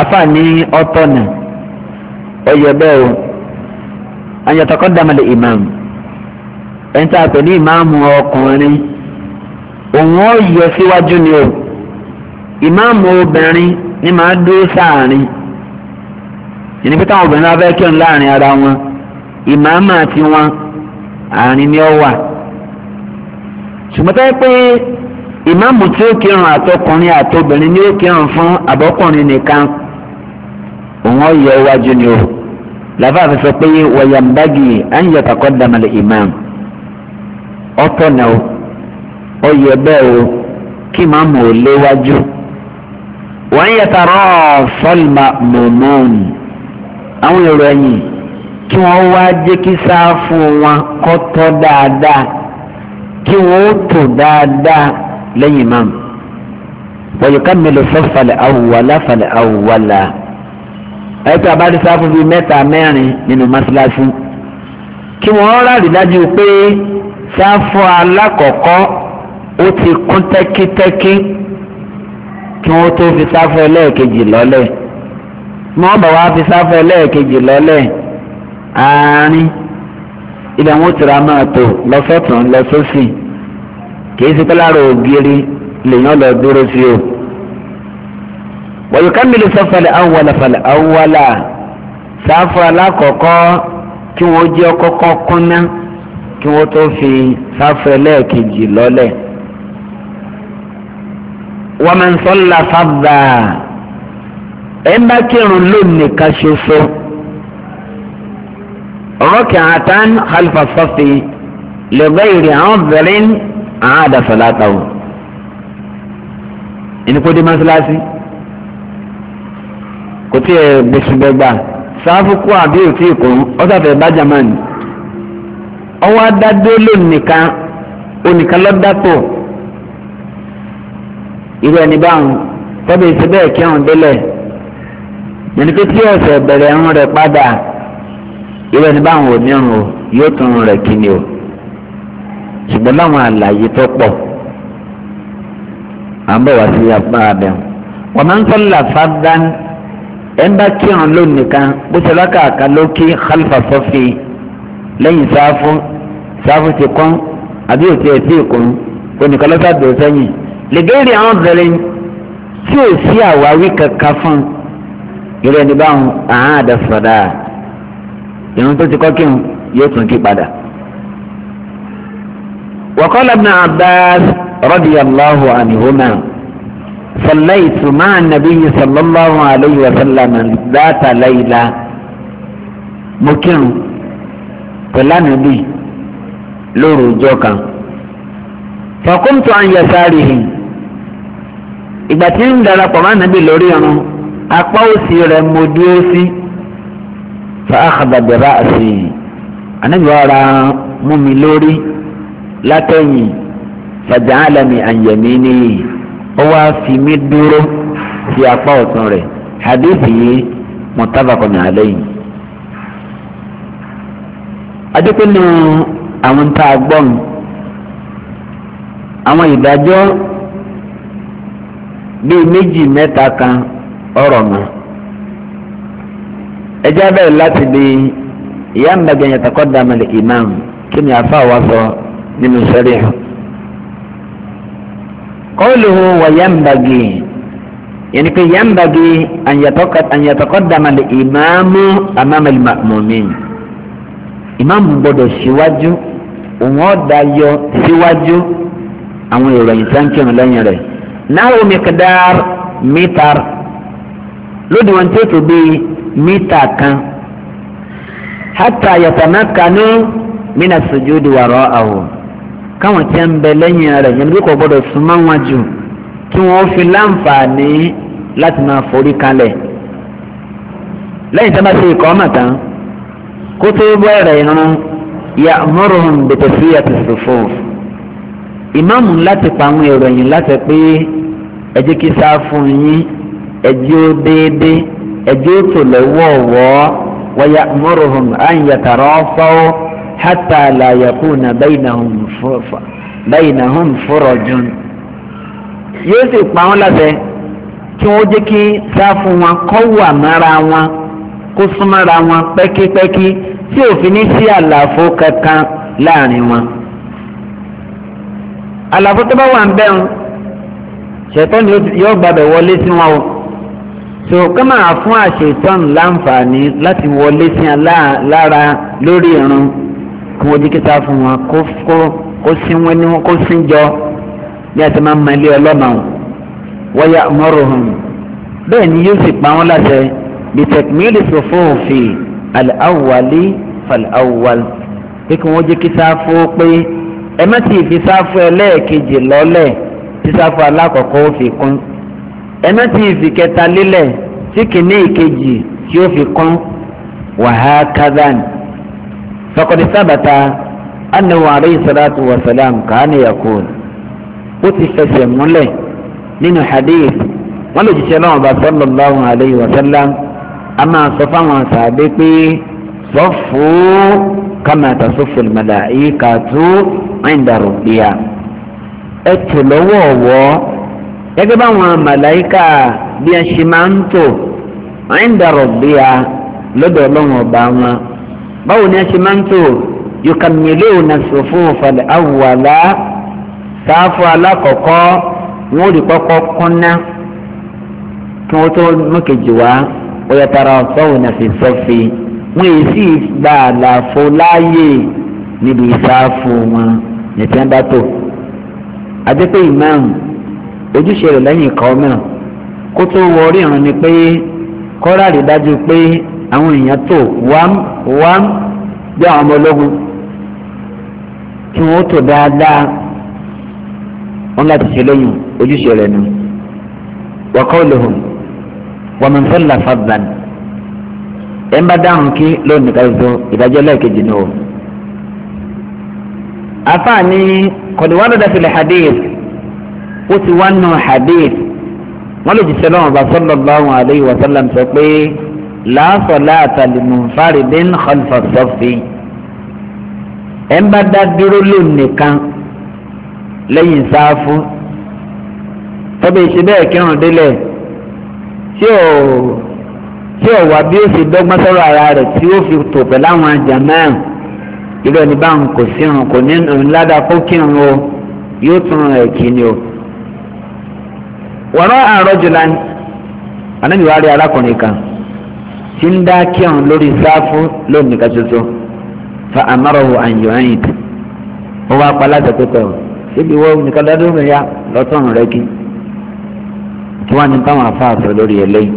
afa ni ọtọna ọyẹ bẹẹ o anyatọkọ damale imam ẹnta àpè ní ọkùnrin òun yọ síwájú ni o ìmáàmù obìnrin ni màá dúró sáàrin ìní pé táwọn obìnrin abẹ́ kírun láàrin ara wọn ìmáàmù àti wọn àárín ni ọ wà ṣùgbọ́n pé tí ó kírun ni ó kírun fún òun ọ̀yẹ́ iwájú ni o làbáàfin sọ pé wọ̀yàmbági ànyẹ̀tàkọ́ dàmàlẹ̀ imam ọ̀tọ̀ náà o ọ̀yẹ́ bẹ́ẹ̀ o kí màmú ò léwájú wọ́n yẹtàrọ́ sọ́lìmà mọ̀mọ́ọ̀nù àwọn èrò ẹ̀yìn kí wọ́n wá jẹ́ kí sáfù wọn kọ́ dáadáa kí wọ́n ó tò dáadáa lẹ́yìn mọ́mù wọ́n yóò ká mélòó falẹ̀ awùwàlá falẹ̀ awùwàlá ẹ̀tọ́ abáríṣà fún bíi mẹ́ta mẹ́rin nínú mọ́ṣáláṣí kí wọ́n rárí dájú pé sáfù alákọ̀ọ́kọ́ ó ti kún tẹ́kítẹ́kí kí wọ́n tó fi sáfù ẹlẹ́ẹ̀kejì lọ́lẹ̀ mọ́ bá wá fi sáfù ẹlẹ́ẹ̀kejì lọ́lẹ̀ àárín ilẹ̀ wọn tura máa tò lọ́sọ̀tún lọ́sọ̀sì kì í ṣe pé lára ògiri lèèyàn lọ dúró sí o wọ́n yóò kámìlì sáfàlẹ̀ awọ́lá fàlẹ̀ awọ́lá sáfà alákọ̀ọ́kọ́ kí wọ́n jẹ́ kọ́kọ́ kúnná kí wọ́n tó fi sáfà ẹlẹ́ẹ̀kejì lọ́lẹ̀. wọ́n máa ń sọ́lá fábà ẹ̀ ń bá kírun lónìí ká ṣoṣo. ركعتان خلف الصف لغير عذر عاد صلاته. إن كنت مثلاسي kò tí ẹ gbẹ̀sùgbẹ̀gbà sáfùkù àbí òtí ìkó ọ́sàfẹ́ bá jamani ọwọ́ adádó lónìkan onìkan lọ́dàpọ̀ irú ẹni báwọn ìṣe bẹ́ẹ̀ kí ọ̀hún délẹ̀ ni pé tí ọ̀sẹ̀ bẹ̀rẹ̀ ń rẹ̀ padà irú ẹni báwọn ò ní ọ̀hún o yóò tún rẹ̀ kíni o ṣùgbọ́n láwọn àlàyé tó pọ̀ à ń bọ̀ wá sí apá abẹ́hùn wọ́n máa ń sọ́lá fádán ẹnba kírun lónìí nìkan bó ṣe lákàkà lókè khalifa sọfì lẹ́yìn sáfù sáfù ti kún àbí òtí ẹ ti kún oníkan lọ́sàdó sẹ́yìn lẹ́gẹ́rì àwọn bẹ̀rẹ̀ tí ò sí àwáwí kankan fún irú ẹni báwọn àhán àdàsọ̀dà irun tó ti kọ́ kírun yóò tún kí padà. wa qala ibn Abbas radiyallahu anhuma. صليت مع النبي صلى الله عليه وسلم ذات ليلة مكن فلا نبي لورو جوكا فقمت عن يساره ìgbà tí ń darapọ̀ mọ́ ànábì lórí ọ̀run apá òsì rẹ̀ mo dúró sí fa àkàbàbẹ̀rẹ̀ àṣì ànábì ọ̀ra mú mi lórí látẹ̀yìn fàjà álẹ̀mí àyẹ̀mí nìyí ó wá fi mí dúró sí apá ọ̀tún rẹ̀ hadith yìí muttafaqun alayhi. adépínú àwọn tá a gbọ́n àwọn ìdájọ́ bíi méjì mẹ́ta kan ọ̀rọ̀ mọ́ ẹjẹ́ abẹ́rẹ́ láti di ìyá ń bàgẹ́yìn àtàkọ́ dàmẹ́lẹ̀ ìmáàmù kí ni àfa wa sọ nínú sẹ́ríhùn. قوله وينبغي يعني في ينبغي أن يتقدم, أن يتقدم الإمام أمام المأمومين إمام gbọ́dọ̀ síwájú wọ́n dayọ síwájú àwọn ìròyìn tí a ń kírun lẹ́yìn rẹ̀ náà mikdar mitar lóde wọn tí ó tó bí mítà kan hátà yàtọ̀ náà kanú mina sujudi wara'ahu káwọn tí ń bẹ lẹ́yìn rẹ̀ yẹn bí kò gbọ́dọ̀ súnmọ́ wọn jù kí wọ́n fi láǹfààní láti máa forí kalẹ̀ lẹ́yìn tí wọ́n bá ṣe ìkọ́ mọ̀ tán kó tó bẹ̀rẹ̀ irun ya'muruhum bitaswiyati as-sufuf ìmáàmù láti pa àwọn èrò ẹ̀yìn láti pé ẹ kí sáà fún yín ẹ jẹ́ ó déédéé ẹ jẹ́ ó tò lọ́wọ́ọ̀wọ́ wa ya'muruhum an yatarafaw hatta la yakuna baynahum bainahum furajun yóò sì pa wọ́n láṣẹ kí wọ́n jẹ́ kí sáfù wọn kọ́ wà mára wọn kó súnmọ́ra wọn pẹ́kípẹ́kí tí òfin ní sí àlàfo kankan láàrin wọn àlàfo tó bá wà ń bẹ́ẹ̀ ṣètọ́ni yóò gbàgbẹ́ wọlé sí wọn o so kama fún àṣetán láǹfààní láti wọlé sí wọn lára lórí irun kí wọ́n jí kíta fún wọn kó kó kó sin wọn ní wọn kó sin jọ bí a ti máa ma ilé ọlọ́mọ wa ya'muruhum bẹ́ẹ̀ ni yóò sì pa wọn láṣẹ bí tẹkmílì sufufi al-awwali fal-awwal pé kí wọ́n jẹ́ kí sáfù pé ẹ má ti fi sáfù ẹlẹ́ẹ̀kejì lọ́lẹ̀ tí sáfù alákọ̀ọ́kọ́ ó fi kún ẹ má ti fi kẹta lílẹ̀ tí kìíní ìkejì tí ó fi kún wàhálà kazan faqad sabata annahu alayhi salatu wa salam kàánì yakun ó ti fẹsẹ̀ múlẹ̀ nínú hadith wọn lè jíṣẹ́ náà bá sallallahu alayhi wa sallam a máa sọ fáwọn sàbẹ pé sọfù kama tasuffu al-mala'ikatu 'inda rubbiha ẹ tò lọ́wọ́ ọ̀wọ́ gẹ́gẹ́ báwọn màláìka bí a ṣe máa ń tò 'inda rubbiha lọ́dọ̀ ọlọ́run ọba wọn báwo ni a ṣe máa ń tò yukamiluna sufufa awwala sáfù alákọ̀ọ́kọ́ wọn ò rí kọ́kọ́ kúnná kí wọ́n tó mọ́kejì wá ọ̀yàtara ọ̀sọ́wò náà fi sọ́fì wọn èyí sì gba àlàfo láàyè níbi ìsáfù wọn nìtí wọn bá tò adépé ìmáàmù ojúṣe rẹ̀ lẹ́yìn ìkọ́ náà kó tó wọ orí ìrun ni pé kọ́ra rí dájú pé àwọn èèyàn tó wám wám bí àwọn ọmọ ológun tí wọn ó tò dáadáa wọn láti ṣe lẹ́yìn ojúṣe rẹ̀ nù wọkọ lòhùn wọmọfẹlá fàbàn ẹ ń bá dáhùn kí lónìí ká tó ìdájọ́ lẹ́ẹ̀kejì nù o. afaani kọdiwadada fili hadith ó ti wá nù hadith wọn lè jíṣẹ́ lọ́wọ́ bá sallallahu alayhi wa sallam sọ pé la salata limunfaridin khalfa saffi ẹ ń bá dá dúró lónìí nìkan lẹ́yìn sáfù tọ́bẹ̀ ìṣe bẹ́ẹ̀ kírun délẹ̀ tí ò tí ò wá bí ó ṣe dọ́gbọ́n sọ̀rọ̀ ara rẹ̀ tí ó fi tò pẹ̀lú àwọn àjàmáà irú ẹni bá ń kò sí kò ní ńláda kó kírun o yóò tún rẹ̀ kí ni o. wọ́rọ́ àrọ́jùlá anábìwárí arákùnrin kan ti ń dá kírun lórí sáfù lónìí kan ṣoṣo fa amarahu an yu'id ó wá pa láti pípẹ́ o síbi wọ́n nìkan dáadọ́ mi yá lọ́tọ̀ọ̀nù rẹ kí tí wọ́n ní táwọn afáàfẹ́ lórí eléyìí.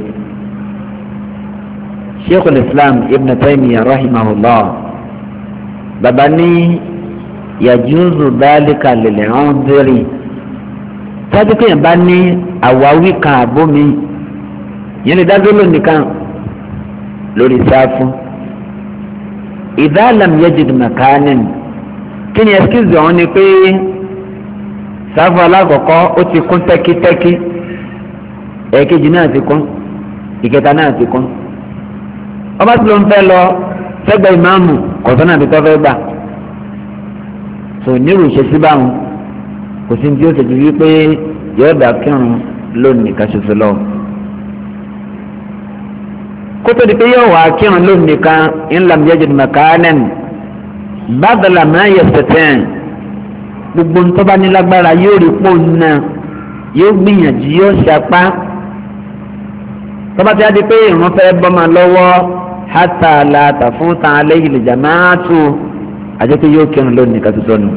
sheikhul islam ibn taymiyyah rahimahullah bàbá ní yajuzu dhalika lil 'udhri tọ́jú kéèyàn bá ní àwáwí kan àbómi yẹn lè dá dúró nìkan lórí sáfún idha lam yajid makanin kí ni ẹsikíìsì ọ̀hún ni pé sáfù alákọ̀ọ́kọ́ ó ti kún tẹ́kítẹ́kí ẹ̀ẹ́kejì náà ti kún ìkẹta náà ti kún ọba tí ló ń fẹ́ lọ sẹ́gbẹ̀ẹ́ ìmáàmù kọ̀sánà àti tọ́fẹ́ gbà tò nírú ìṣesí báwọn kò sí ní tí ó ṣèjú wípé yọ̀ọ́dà kírun lónìí kàṣoṣo lọ́wọ́ kótó di pé yóò wá kírun lónìí kan ńlam yajid makanan bàdàlà máa yẹ sẹtẹn gbogbo ntọ́ba nílágbára yóò rí pò nà yóò gbìyànjú yóò ṣapá tọ́ba tí a di pé ìrún fẹ́ bọ́mà lọ́wọ́ hátà làtà fún tàn aléyìn lè jàmáàtú àjẹpé yóò kírun lónìí kan tuntun nù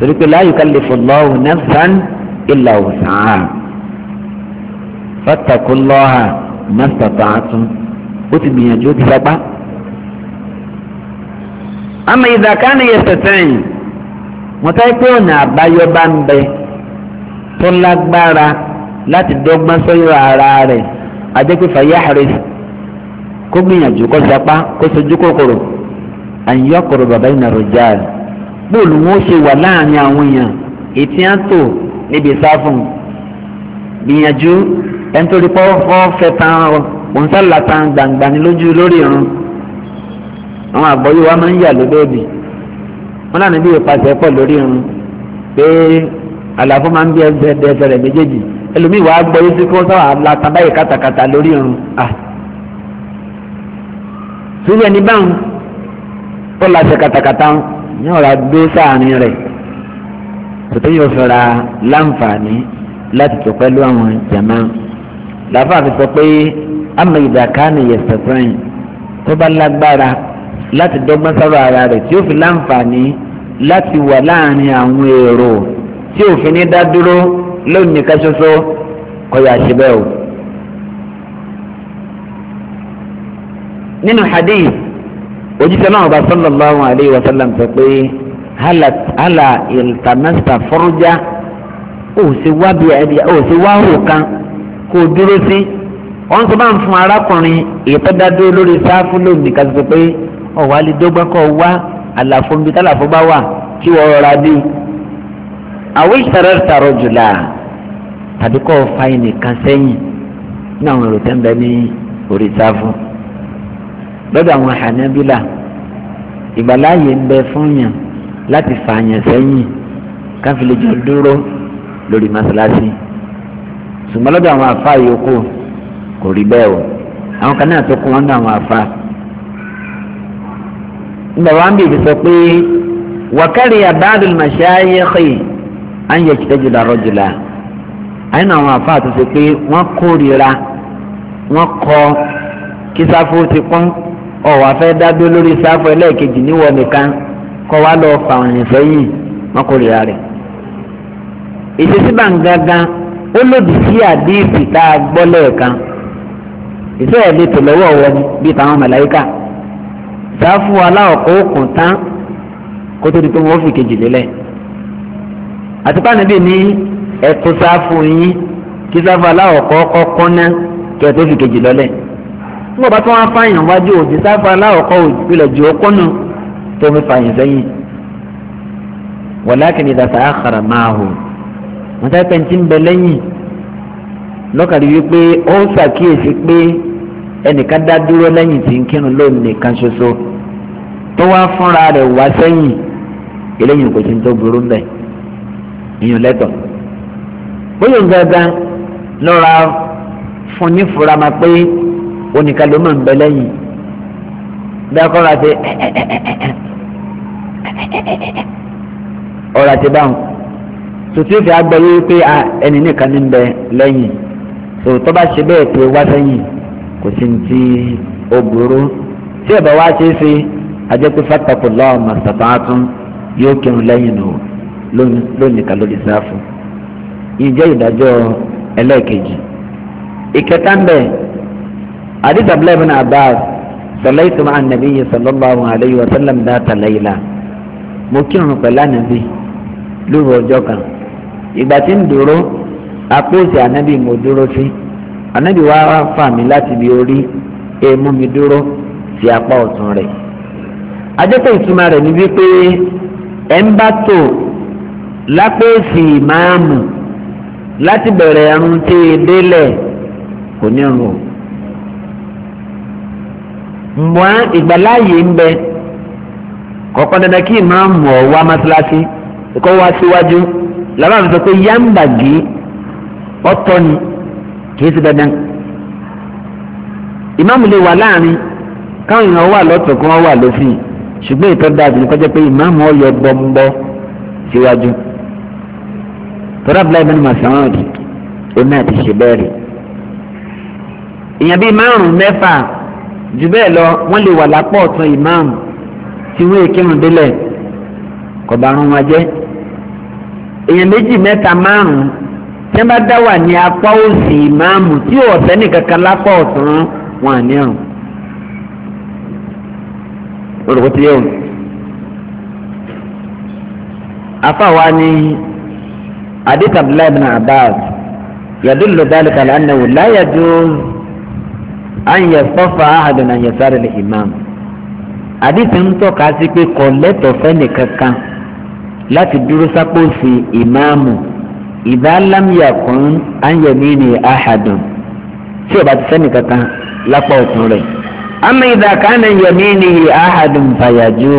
torí pé la yukallifu Allahu nafsan illa wus'aha fattaqullaha mastata'tum ó ti gbìyànjú ó ti sapá. àmọ́ ìdàkánì yẹ sẹ̀tẹ̀yìn wọ́n táyé pé ọ̀nà àbáyọ bá ń bẹ tó lágbára láti dọ́gbọ́n sọ́yọ́ ara rẹ̀ adékùfà yáhàrẹ́sì kó gbìyànjú kó sapá kó sojú kòkòrò àyọkòrò bàbá ìnàrò jáde bóòlù wọn ó ṣe wà láàrin àwọn èèyàn ètí á tò níbi sáfún gbìyànjú ẹnitori pọ́ fẹ́ tán ọ òun sálà tan gbangba ni lójú lórí irun àwọn àbọ̀yé wa máa ń yà lódòdì wọn lànà bí ìpàṣẹ pọ̀ lórí irun pé àlàfo máa ń bí ẹsẹ̀ ẹsẹ̀ rẹ̀ méjèèjì ẹlòmíì wàá gbọ́ yé sí kí wọ́n sọ àlàtàn báyìí kàtàkàtà lórí irun à síbẹ̀ ní báwọn ó làṣẹ kàtàkàtà ní ọ̀rá gbé sáàrin rẹ̀ tòtẹ́ yóò fẹ́ra láǹfààní láti tó pẹ̀lú àwọn jàmá làbá àfi sọ pé ama ìdàkánì yẹsẹ̀fẹ́yìn tó bá lágbára láti dọ́gbọ́n sọ̀rọ̀ ara rẹ̀ tí ó fi láǹfààní láti wà láàrin àwọn èrò tí òfin ní dá dúró lónìí ká ṣoṣo kọyà síbẹ̀ o. nínú hadith òjíṣẹ́ náà ọba sallallahu alayhi wa sallam sọ pé hàlà ìtàmẹ́sà fọ́rọ́jà ó sì wá hù kan kó dúró sí. Si, wọ́n sọ bá ń fún arákùnrin ìtọ́dádó lórí sáfù lónìí ká sọ pé ọ̀wá lè dọ́gba kọ́ wá àlàfo níbi tálàfo bá wà kí wọ́n rọra bí. àwọn ìṣẹ̀rẹ̀ sàrọ̀ jùlá tàbí kọ́ fa ẹnìkan sẹ́yìn ní àwọn èrò tẹ́ ń bẹ ní orí sáfù. lọ́dọ̀ àwọn hànábílà ìgbàláyè ń bẹ fún láti fààyàn sẹ́yìn káfílẹ̀ jọ dúró lórí mọ́sálásí. ṣùgbọ́n lọ́dọ̀ àwọn àfáà yòókù kò rí bẹ́ẹ̀ o àwọn kan náà tó kún wọn náà wọn afa nígbà wọn bìbí sọ pé wàkàrí àbáàdùn màṣáyéèkì ànyẹ kìtẹ́jùlá rọ́jùlá àyìn àwọn afa tó sọ pé wọ́n kórìíra wọ́n kọ kí sáfù ti pọ́n ọ̀wọ́ afẹ́ dábí olórí sáfù ẹlẹ́ẹ̀kejì níwọ̀ nìkan kọ́ wa lọ fà wọ́n sẹ́yìn wọ́n kórìíra rẹ̀ ìṣesí bá ń gangan ó lòdì sí àdéhìí tá a gbọ́ lẹ́ẹ̀kan. ìfẹ́ ẹ̀ lè tò lọ́wọ́ wọ ni bíi tàwọn màláíkà sáfù aláwọ̀kọ́ òkun tán kó tó di pé wọ́n fi kejì lélẹ̀ àti pàánù bíi ní ẹ̀kú sáfù yín kí sáfù aláwọ̀kọ́ kọ́ kọ́ná kí ẹ tó fi kejì lọ́lẹ̀ nígbà bá tí wọ́n á fààyàn wájú òdì sáfù aláwọ̀kọ́ ìpìlẹ̀ ju okónù tó fi fààyàn sẹ́yìn wọ̀láàkì ni ìdàtà àkàrà máa hù wọ́n sáfù pẹ̀ntì ń bẹ lẹ́yìn wípé ó ń ṣàkíyèsí pé ẹnìkan dá dúró lẹ́yìn tí ń kírun lónìí nìkan ṣoṣo tó wá fúnra rẹ̀ wá sẹ́yìn eléyìí kò sí tó burú mbẹ́ ìyún lẹ́tọ̀ bóyá gbàgbà lọ́ra fún ní fura ma pé oníkan ló máa ń bẹ lẹ́yìn bí akọ́ra ṣe ọ̀rọ̀ àti báwọn tòtí ó fi agbẹ́ yé pé ẹni nìkan ní ń bẹ lẹ́yìn tòtọ́ bá ṣe bẹ́ẹ̀ tó wá sẹ́yìn kò sí ti ó burú tí ẹ̀ bá wá ṣe é ṣe ajẹ́pẹ́ fàtàkùlọ́ màsàtàtún yóò kírun lẹ́yìn nù lónìí kan lórí sáfù yìí jẹ́ ìdájọ́ ẹlẹ́ẹ̀kejì ìkẹta ń bẹ̀ àdìsá abúlẹ́bí náà bá sọlẹ́tù máa nàbí yìí sallallahu alayhi wa sallam dáta layla mo kírun pẹ̀lú ànàbí lóru ọjọ́ kan ìgbà tí ń dúró apóòsì ànàbí mo dúró sí anabi wa wá fà mí láti bi orí èémú mi dúró sí apá ọ̀tún rẹ̀ ajẹ́pẹ́ ìtumọ̀ rẹ̀ ni wípé ẹ̀ ń bá tò lápẹ́ẹ̀sì ìmáàmù láti bẹ̀rẹ̀ ẹ̀rùn tí e délẹ̀ kò ní rùn mọ́ ìgbàláyè ń bẹ kọ̀ọ̀kan dandan kí ìmáàmù ọ̀ wá mọ́sálásí kó wá síwájú làwọn sọ pé yáǹbàgì ọ̀tọ̀ ni kìí sí dandan ìmáàmù lè wà láàrin káwọn èèyàn wà lọ́tọ̀ kí wọ́n wà lófin ṣùgbọ́n ìtọ́ da àbìlí kọjá pé ìmáàmù ọ̀yọ́ gbọ́ngbọ́ síwájú tọ́lá bíláì bẹ́ẹ̀ ni màsáwọ́ọ̀dì omi àti ṣe bẹ́ẹ̀ rí èèyàn bíi márùn-ún mẹ́fà jù bẹ́ẹ̀ lọ wọ́n lè wà lápá ọ̀tún ìmáàmù tí wọ́n èkérùn délẹ̀ kọ̀ọ̀bà rún wọn èèyàn méjì mẹ́ta márùn-ún tí bá dá wà ní apá òsì ìmáàmù tí ọ̀sẹ́ nìkankan lápá ọ̀tún wọn à ní ọ̀rùn. olùkó ti yẹ o. afáwa ni adith abdullahi bin abbas yadullu dhalika ala annahu la yajuz an yasaffa ahadun an yasari lil imam. adith ń tọ́ka sí pé kò lẹ́tọ̀ọ́ láti dúró sápò sí ìmáàmù ìdá lámìyà kún ányẹ̀mí ni àhàdùn tí o bá ti sẹ́ni kankan lápá ọ̀tún rẹ̀ àmì ìdá kánà yẹ̀mí ni àhàdùn fàyàjú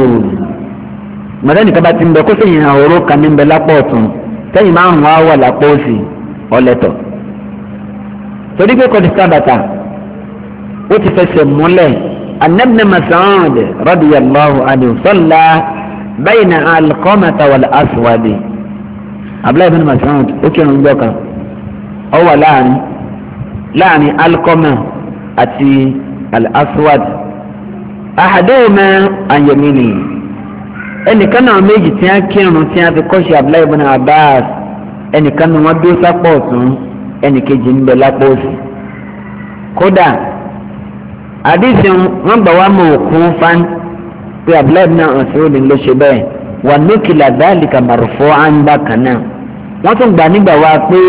mọ̀tẹ́nì kan bá ti ń bẹ kó sẹ́yìn àhóró kan ní bẹ lápá ọ̀tún sẹ́yìn máa ń wá wà lápá òsì ọ̀lẹ́tọ̀ torí pé kọ́ni sábàtà ó ti fẹsẹ̀ múlẹ̀ anabna Mas'ud radiyallahu anhu salla bayna alqamata wal aswadi abdullahi bin masoud ó kírun gbọ́ kan ó wà láàrin láàrin alkoma àti al-aswad ahadéèmẹ anyamini ẹnìkan náà méjì tí a kírun tí a fi kọ́ṣe abdullahi bin abbas ẹnìkan náà wọ́n dúró sápò ọ̀tún ẹnìkejì ń bẹ lápò òsì kódà àdìsí wọn gbà wá mọ òkú fán pé abdullahi bin masoud ló ṣe bẹ́ẹ̀ wà nukila dhalika marfu'an bákan náà wọ́n tún gbà nígbà wá pé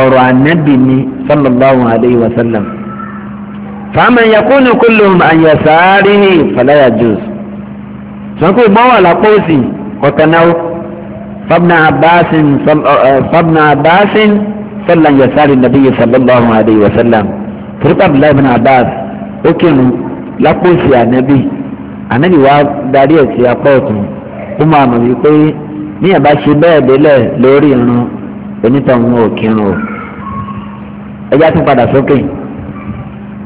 ọ̀rọ̀ ànábì ni sallallahu alayhi wa sallam fàmà yakunu kulluhum an yasarihi fala yajuz sọ́kò ìgbọ́wọ̀ làpọ̀sì kọ̀kanáwó fabna abbasin fabna abbasin sallan yasari nabiyyi sallallahu alayhi wa turuka abdullahi bin abbas ó kírun lápọ̀sì ànábì ànábì wa darí ẹ̀ sí apá ọ̀tún ó máa mọ̀ wípé níyàn bá ṣe bẹ́ẹ̀ délẹ̀ lórí irun onítọ̀hún ò kírun o ẹjá tún padà sókè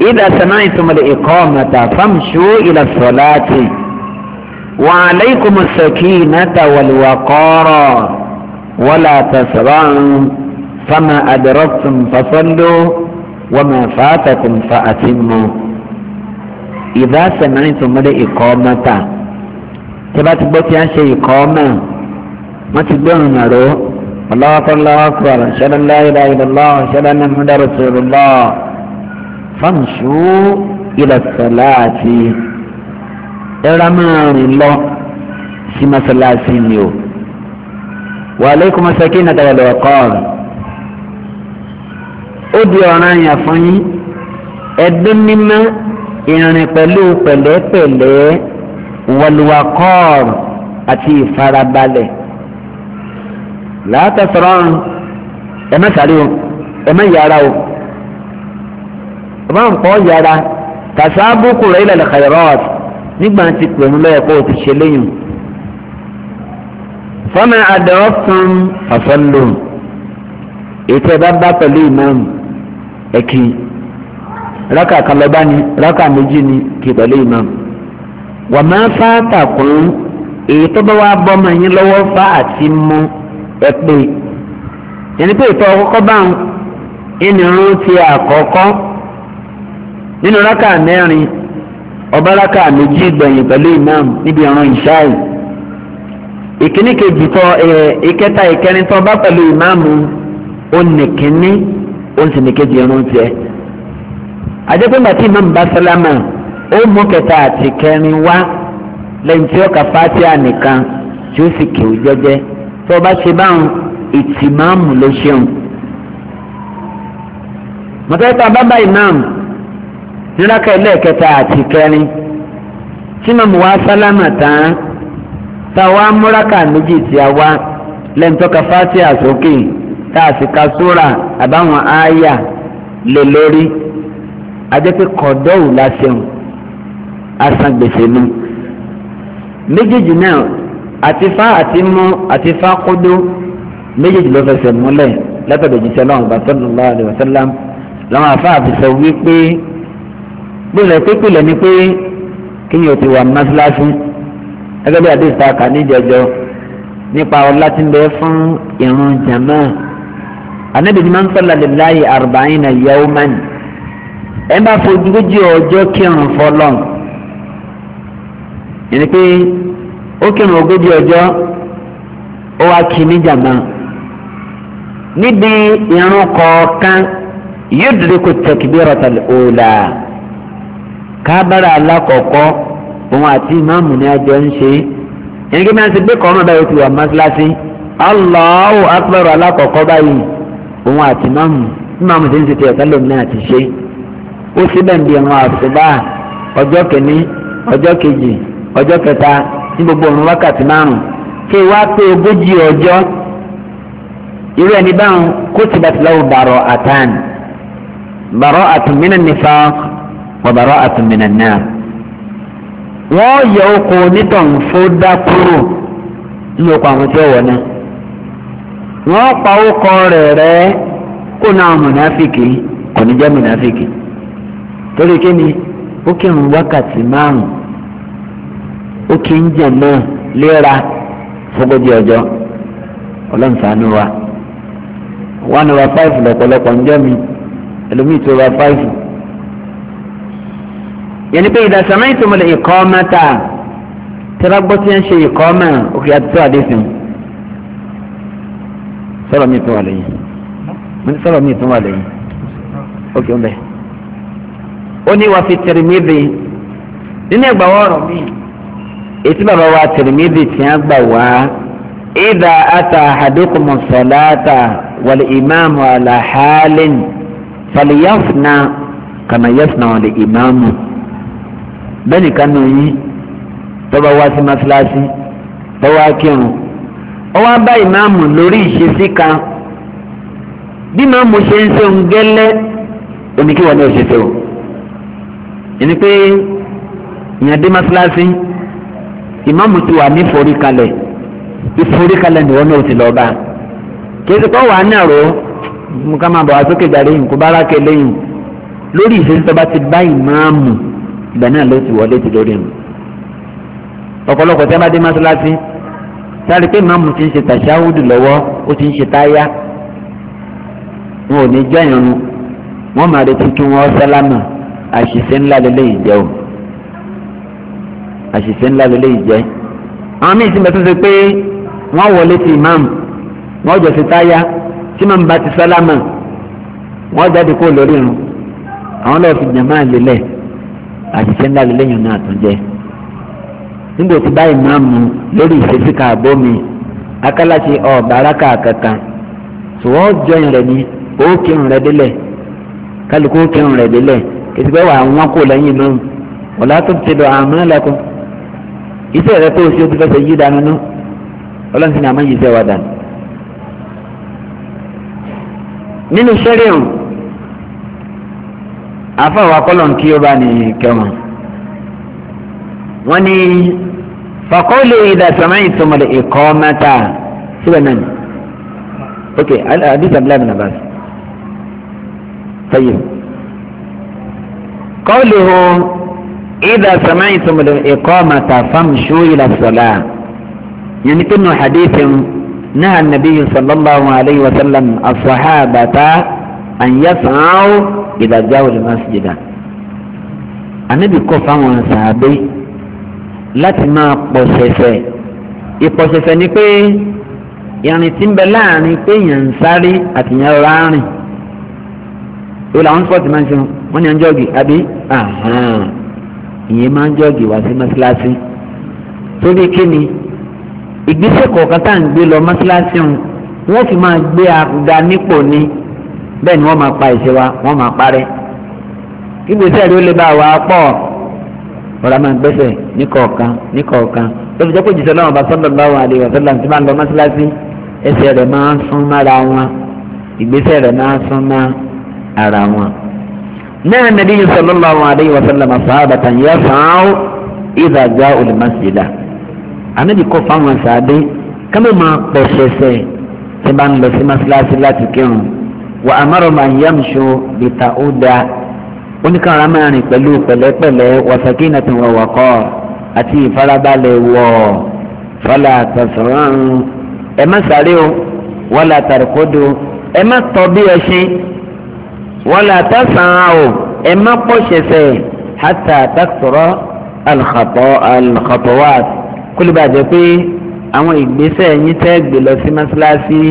ìdá sanáà ìtumọ̀lẹ̀ ìkọ́ ọ̀mọ̀ta fámṣú ìlà sọ̀láàtì wà aláìkùmọ̀ sọ̀kì náta wàlúwà kọ́rọ̀ wọ́lá tàṣàbáhùn fama adọ́rọ́tùm fasallu wọ́mà fàtàkùn fàtìmù ìdá sanáà ìtumọ̀lẹ̀ ìkọ́ ọ̀mọ̀ta tẹ́bá ti gbọ́ tí a ń ṣe ìkọ́ ọmọ wọ́n ti gbé ọ̀run àrò ọlọ́wọ́kọ́lọ́wọ́ kọ́ọ̀rọ̀ ṣẹlẹ̀ láìra ìlọ́lọ́ ṣẹlẹ̀ ní múdàrú sọ̀rọ̀ lọ́ fọ́nṣú ilẹ̀ sọ̀lá àti ẹ̀rọ máa rìn lọ sí mọ́sálásí ni o wà aleikum sakin na ó di ọ̀ràn yà fún yín ẹ̀dín mímọ́ ìrìn pẹ̀lú pẹ̀lẹ́pẹ̀lẹ́ wàlúwàkọ́ọ̀r àti ìfarabalẹ̀ látàsọ̀rọ̀ ẹ má sáré o ẹ má yára o ẹ má pọ̀ yára tàṣàbùkù rẹ̀ ilẹ̀ lẹ́kàrọ́ọ̀t nígbà tí pẹ̀lú lọ́yẹ̀ kó o ti ṣe léyìn fọ́nà àdéhùn fàṣọ́lù ètò ẹ̀bá bá pẹ̀lú ìmáàmù ẹ̀kì rákà kan lọ́ba ni rákà méjì ni kì pẹ̀lú ìmáàmù wà máa fà tàkùn èyí tó bá wàá bọ́ ọmọ yín lọ́wọ́ fà àti mú ẹ pé yẹnni pé ìtọ́ àkọ́kọ́ bá ń ìnirun ti àkọ́kọ́ nínú rákà mẹ́rin ọba rákà méjì gbẹ̀yìn pẹ̀lú imam níbi ọ̀ràn ìṣáì ìkíní kejì tọ ẹ ìkẹta ìkẹrin tọ bá pẹ̀lú imam onìkíní onìkejì irun tiẹ̀ àjẹpẹ́ màtí imam bá sálámà ó mú kẹta àti kẹrin wá lẹ́yìn tí ó ka fatia nìkan tí ó sì kéwù jẹ́jẹ́ tó o bá ṣe báwọn ìtìmáàmù ló ṣeun. mọ̀tẹ́tà bábá ìmáàmù níraka ẹlẹ́ẹ̀kẹta àti kẹrin tí màmú wa sálámà tán tá a wá múraka méjì tí a wá lẹ́yìn tó ka fatia sókè tá a sì ka súra àbáwọn ááyà lè lórí ajẹ́ pé kọ̀dọ́wù la ṣeun asan gbèsè mu méjèèjì náà àti fa àti mú àti fa kódó méjèèjì ló fẹsẹ̀ múlẹ̀ látọ̀dọ̀ jíṣẹ́ náà ọba sallallahu alaihi wasallam làwọn afa àfisọ wípé gbọ́dọ̀ pípìlẹ̀ ni pé kínyìn ò ti wà mọ́sálásí gẹ́gẹ́ bí àdéhùn ta kà níjẹjọ nípa ọlá tí ń bẹ fún ìrun jàmáà anabi ni man salla lillahi arba'ina yawman ẹ bá fojú ogójì ọjọ́ kírun fọlọ́n yẹn pé ó kírun ogójì ọjọ́ ó wá kí ní jàmbá níbi irun kọ̀ọ̀kan yóò dúró kó takbiratul ula kábàrà alákọ̀ọ́kọ́ òun àti ìmáàmù ni àjọ ń ṣe yẹn otu máa ń ṣe gbé kọ́ọ̀nù báyìí ó ti wà alákọ̀ọ́kọ́ báyìí òun àti ìmáàmù ìmáàmù ti ń ṣe náà ti ṣe ó síbẹ̀ ń bí irun ọjọ́ kìíní ọjọ́ kejì ọjọ́ kẹta ní gbogbo òun wákàtí márùn kí wá pé ogójì ọjọ́ irú ẹni báwọn kó ti bàtí lọ́wọ́ bàrọ̀ àtàn bàrọ̀ àtùmínà nífà wà bàrọ̀ àtùmínà náà wọ́n yọ oko onítàn fódà kúrò ní oko àwọn tí ó wọ̀ náà wọ́n pa oko rẹ̀ rẹ́ kó náà mùnáfìkì kò ní jẹ́ mùnáfìkì torí kí ni ó kírun wákàtí márùn-ún ó kì í jẹ̀ náà léra fógójì ọjọ́ ọlọ́nsàánú wa one over five lọ́pọ̀lọpọ̀ ń jọ́ mi ẹlòmíì two over five. yẹn ni pé ìdásánná ìtòmọ̀lẹ̀ ìkọ́ mẹ́ta tẹ́lágbọ́ tí ń ṣe ìkọ́ mẹ́ òkè àti tó àdéhùn sọ̀rọ̀ mi tún wà lẹ́yìn mo ní sọ̀rọ̀ mi tún wà lẹ́yìn ok ń bẹ̀. ó ní wàá fi Tirmidhi nínú ẹgbàá ọ̀rọ̀ mi ètí bàbá wa Tirmidhi tí a gbà wá ìdá ata ahadukum salata wal ìmáàmù ala halin falyafna kama yafna wal ìmáàmù bẹ́ẹ̀ nìkan nù yín tọ́ba wá sí masilasi tọ́wọ́ akírun ó wá bá ìmáàmù lórí ìṣesí kan bí ìmáàmù ṣe ń ṣe ń gẹ́lẹ́ oníkíwọ́n ní òṣèṣe o ẹni pé ìyàn dé ìmáàmù ti wà ní ìforíkalẹ̀ ìforíkalẹ̀ ni wọ́n náà ti lọ́ọ́ bá kìí sọ́kọ́ wà á ní àrò mo ká máa bọ̀ wá sókè darí nǹkó bára kẹlẹ́ yìí lórí ìṣèṣọ́ bá ti bá ìmáàmù ìgbà náà ló ti wọlé ti lórí mu ọ̀pọ̀lọpọ̀ tí a bá dé mọ́ṣáláṣí sáré pé ìmáàmù ti ń ṣe tàṣáwùdù lọ́wọ́ ó ti ń ṣe táyà wọn ò ní jẹ́ ìrun wọ́n máa retí kí wọ́n sálámà àṣìṣe ńlá lélẹ́yìn jẹ́ àṣìṣe ńlá lélẹ́yìí jẹ́ àwọn míì sì mẹ́tọ́ sọ pé wọ́n wọlé ti imam wọ́n jọ sí táyà tí màmú bá ti sálámà wọ́n jáde kó lórí irun àwọn lọ́ọ̀ fi jàmáà lélẹ̀ àṣìṣe ńlá lélẹ́yìn náà tún jẹ́ nígbà tí bá imam lórí ìṣesí káàbọ̀ mi akálàṣe ọ̀bà aráka kankan tí wọ́n jọ ìrẹ̀ ni ó kírun rẹ̀ délẹ̀ kálukú kírun rẹ̀ délẹ̀ kìtìbẹ́ wà wọ́n kò lẹ́yìn náà wọ́n látọ̀ ti àmọ́ lẹ́kọ̀ọ́ iṣẹ́ rẹ tó o ṣe o ti fẹsẹ̀ yí dànù nù ọlọ́run sì ní àmọ́ yìí iṣẹ́ wa dànù. nínú sẹ́ríọ̀n àfọwọ́ akọ́lọ́n kí ó bá ní kẹwọn wọ́n ní fàkọ́lù ìdàsọ̀mọ́ ìtumọ̀lẹ̀ ẹ̀kọ́ mẹ́ta síbẹ̀ náà ok hadith abdullahi bin abbas tayyib qawluhu ìdá sàmáyì sọmọdé ẹ̀kọ́ màtà fámṣú ìlà sọ̀lá yẹn ni pé nù hadithin náà nàbí sallallahu alayhi wa sallam asọ̀hábàtà ànyàsàn-áwò ìdàjáwò lè masjidà. ànábì kọ́ fáwọn sàábé láti máa pọ̀ ṣẹ̀ṣẹ̀ ìpọ̀ṣẹ̀ṣẹ̀ ni pé ìrìn tí ń bẹ láàrin pé èèyàn ń sáré àti èèyàn rọra rìn ó làwọn spọ́ọ̀tì máa ń ṣe wọn ni à ń jọ́ọ̀gì àbí ìyẹn máa ń jọ́ọ̀gì wá sí mọ́sálásí torí kíni ìgbésẹ̀ kọ̀ọ̀kan tá à ń gbé lọ mọ́sálásí òun wọ́n fi máa gbé àgùdá nípò ni bẹ́ẹ̀ ni wọ́n máa pa ìṣe wa wọ́n máa parẹ́ ìgbésẹ̀ rí ó lè bá wa pọ̀ ọ̀rọ̀ máa gbẹ́sẹ̀ níkọ̀ọ̀kan níkọ̀ọ̀kan ló fi jẹ́ pé jìṣẹ́ lọ́wọ́ bá sọ́dọ̀ bá wà àlèyé ọ̀sọ́dọ̀ tí máa lọ mọ́sálásí ẹsẹ̀ rẹ̀ máa ń sún mára wọn ìgbésẹ̀ rẹ̀ máa ń sún má wọn. من النبي صلى الله عليه وسلم صحابة يسعوا إذا جاءوا المسجد Ànábì kọ̀ fáwọn sàádé ká má máa pọ̀ ṣẹ̀ṣẹ̀ tí bá ń lọ sí mọ́sálásí láti kírun wa amara man yamshu bita'uda oníkàrà máa rìn pẹ̀lú pẹ̀lẹ́pẹ̀lẹ́ wa sakinatan wa waqar àti ìfarabalẹ̀ wọ̀ fala tasra'u ẹ má sáré o wala tarkudu ẹ má tọ́ bí ẹṣin wala tas'au ẹ má pọ̀ṣẹ̀ṣẹ̀ hatta taksura al-khatawat kó lè bá jẹ́ pé àwọn ìgbésẹ̀ yín tẹ́ gbé lọ sí mọ́ṣáláṣí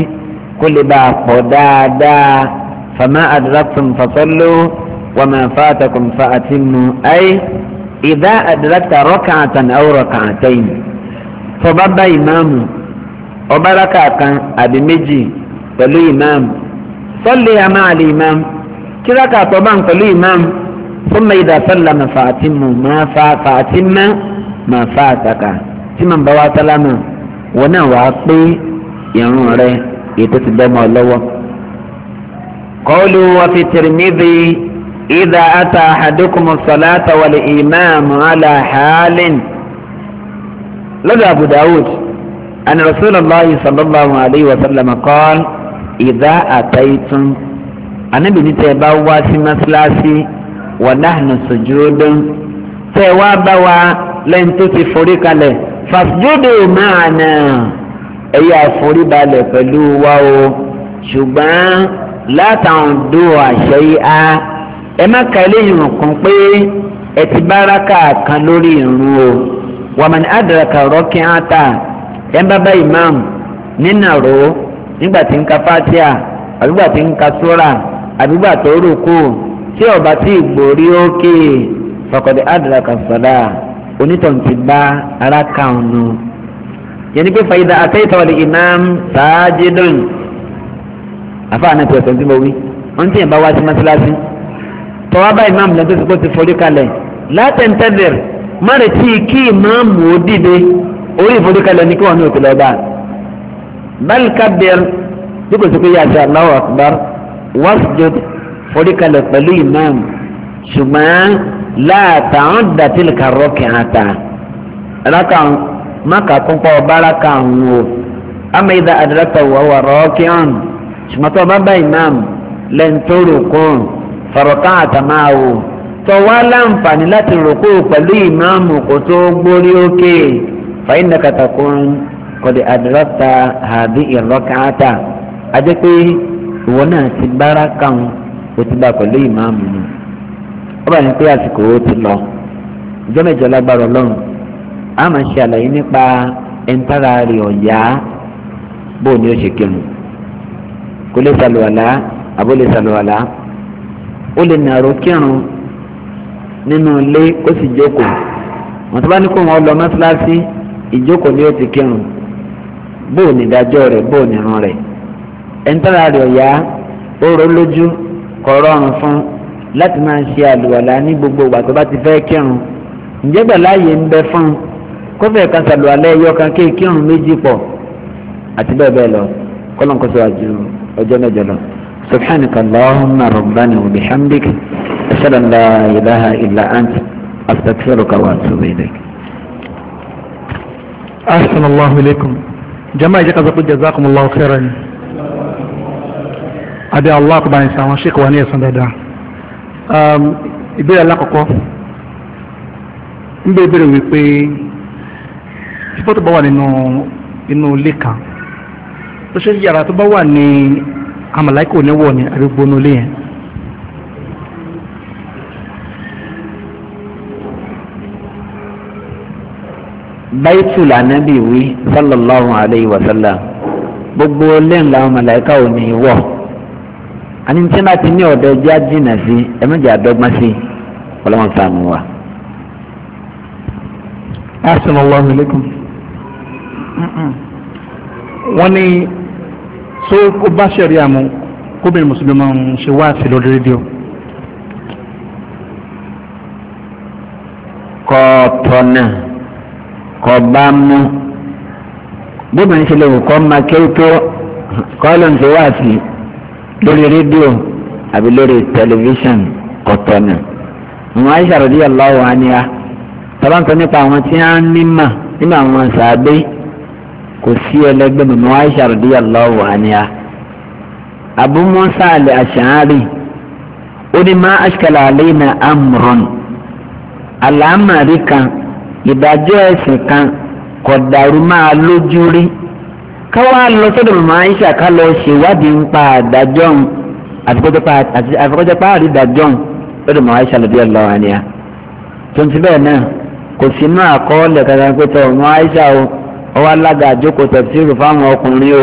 kó lè bá pọ̀ dáadáa fama adraktum fasallu wa ma fatakum fa atimmu ay idha adrakta rak'atan aw rak'atayn tó bá bá ìmáàmù ọba rákà kan àbí méjì pẹ̀lú ìmáàmù salli ma'a al-imam. tíráka tó bá ń pẹ̀lú imam fúnmi ìdá sọ́lá mà fàtìmù mà fà fàtìmà mà fà àtàkà tí màá bá wá sálámà wọn náà wàá pé ìrun rẹ ètò ti bẹ́ẹ̀ lọ́wọ́. kọ́ọ̀lù wàfi tìrìmìdì ìdá ata àdókùnmù sọ̀láta wàlẹ̀ ìmáàmù àlà hàálìn. lọ́dọ̀ abu dawud àni rasulillah sallallahu alayhi wa sallam kọ́ọ̀lù ìdá àtàyìtún. anabi ní tẹ́ ẹ bá wá sí mọ́ṣáláṣí wa nahnu sujudun tẹ́ ẹ wá bá wa lẹ́yìn tó ti forí kalẹ̀ fasjudu ma'ana ẹ̀yà àforíbalẹ̀ pẹ̀lú wa o ṣùgbọ́n látàwọn dó àṣẹ yìí á ẹ má ka eléyìí kan pé ẹ ti bára káàkan lórí ìrun o wàmàn adraka raki'ata ẹ bá bá imam nínàró nígbà tí ń ka fatia àbígbà tí ń ka sura àbígbà tó rò kù tí ọba tí ìgbòrí òkè fọkọdé àdàlàkà sọdá onítọ̀ ti bá ara kàún nù. yẹnni pé fàyídà àtẹ́yìntà wàlẹ̀ imam sàájẹ́dọ̀n àfààní ti ọ̀sán tí mo wí wọ́n ti yẹn bá wá sí mọ́sálásí tọ́wá bá imam lẹ́tọ́ sí pé ó ti forí kalẹ̀ látẹ̀ntẹ́dẹ̀r má retí kí imam ó dìde orí ìforí kalẹ̀ ní kí wọ́n ní òkè lọ́ba. bal kabbir bí sí pé yàtọ̀ wasjud foríkalẹ̀ pẹ̀lú imam ṣùgbọ́n láàtà ń dàtílì kàrọ́ kìhàtà rákà máka kúnpọ̀ báraka ń wò amẹ́dá àdìrátà wàwà rọ́ọ̀kìhàn ṣùgbọ́n tó bá bá imam lẹ́ńtóró kún fàrọ̀kà àtàmáwò tó wá láǹfààní láti rúkú pẹ̀lú imam kò tó gbórí òkè fàyínà kàtàkùn kọ̀dé àdìrátà àbí ìrọ́kàtà adé pé ìwọ náà ti bára káwọn o ti bá pẹ̀lú ìmáàmù ni ó bá yẹn pé àsìkò ó ti lọ ìjọ mẹ́jọ lágbára Ọlọ́run a máa ṣe àlàyé nípa ẹntara rẹ̀ ọ̀yá bó ni ó ṣe kírun kò lè ṣàlùwàlá àbó lè ṣàlùwàlá ó lè nàró kírun nínú ilé kó sì jókòó wọn tó bá ní kó wọn lọ mọ́ṣáláṣí ìjókòó ni ó ti kírun bó ni ìdájọ́ rẹ̀ bó ni irun rẹ̀ ẹ̀ńtọ́ra rẹ̀ ọ̀yá oró lójú kò rọrùn fún láti máa ṣe àlùwàlá ní gbogbo ìgbà tó bá ti fẹ́ kírun ǹjẹ́ gbà láàyè ń bẹ fún un kó fẹ́ kan ẹyọ kan kí kírun méjì pọ̀ àti bẹ́ẹ̀ bẹ́ẹ̀ lọ kọ́lọ́n kó àjù ọjọ́ mẹ́jọ lọ. سبحانك اللهم ربنا وبحمدك أشهد أن لا إله إلا أنت أستغفرك وأتوب إليك أحسن الله إليكم جماعة جزاكم الله خيرا adé allah kò bá yin sàwọn sheik wa ní ẹ̀sán dáadáa ìbéèrè alákọ̀ọ́kọ́ ń bèèrè wípé ìfọ́ tó bá wà nínú inú ilé kan tó ṣe yàrá tó bá wà ní amàláìkò níwọ̀ ní sallallahu gbogbo lẹ́yìn làwọn màláìkà ò ní wọ̀. àní tí bá ti ní ọ̀dọ̀ ẹja jìnnà sí ẹ méjì àdọ́gbọ́n sí ọlọ́run sànù wa. asalaamu alaykum wọ́n ní tó kó bá ṣẹ̀rí àmú kóbìnrin mùsùlùmí ń ṣe wá sí lórí rédíò. kọ́ tọ́nà kọ́ bá mú bóbìnrin ṣe lè wò kọ́ máa kéwú kọ́ ló ń ṣe wá sí i lórí rédíò àbí lórí tẹlifíṣàn kọ̀tọ̀nà àwọn Aisha radiyallahu anha tọ́lántọ́ nípa àwọn tí wọ́n ní mà nínú àwọn sàábé kò sí ẹlẹgbẹ́ mọ̀mọ́ Aisha radiyallahu anha Abu Musa al-Ash'ari ó ní má ashkala alayna amrun àlámàrí kan ìdájọ́ ẹ̀sìn kan kọ̀dàrú máa lójú rí ká wá lọ sọ́dọ̀ màmá Aisha ká lọ ṣèwádìí ń pa àdájọ́ ń àfikọ́jọ́ pa àrí ìdájọ́ ń lọ́dọ̀ màmá Aisha lọ́dọ̀ yẹn lọ́wọ́ àníyá tó ń ti bẹ́ẹ̀ náà kò sí inú àkọọ́lẹ̀ kankan pé tọ́ màmá Aisha o ọwọ́ alága àjókòó tẹ̀síìrù fáwọn ọkùnrin o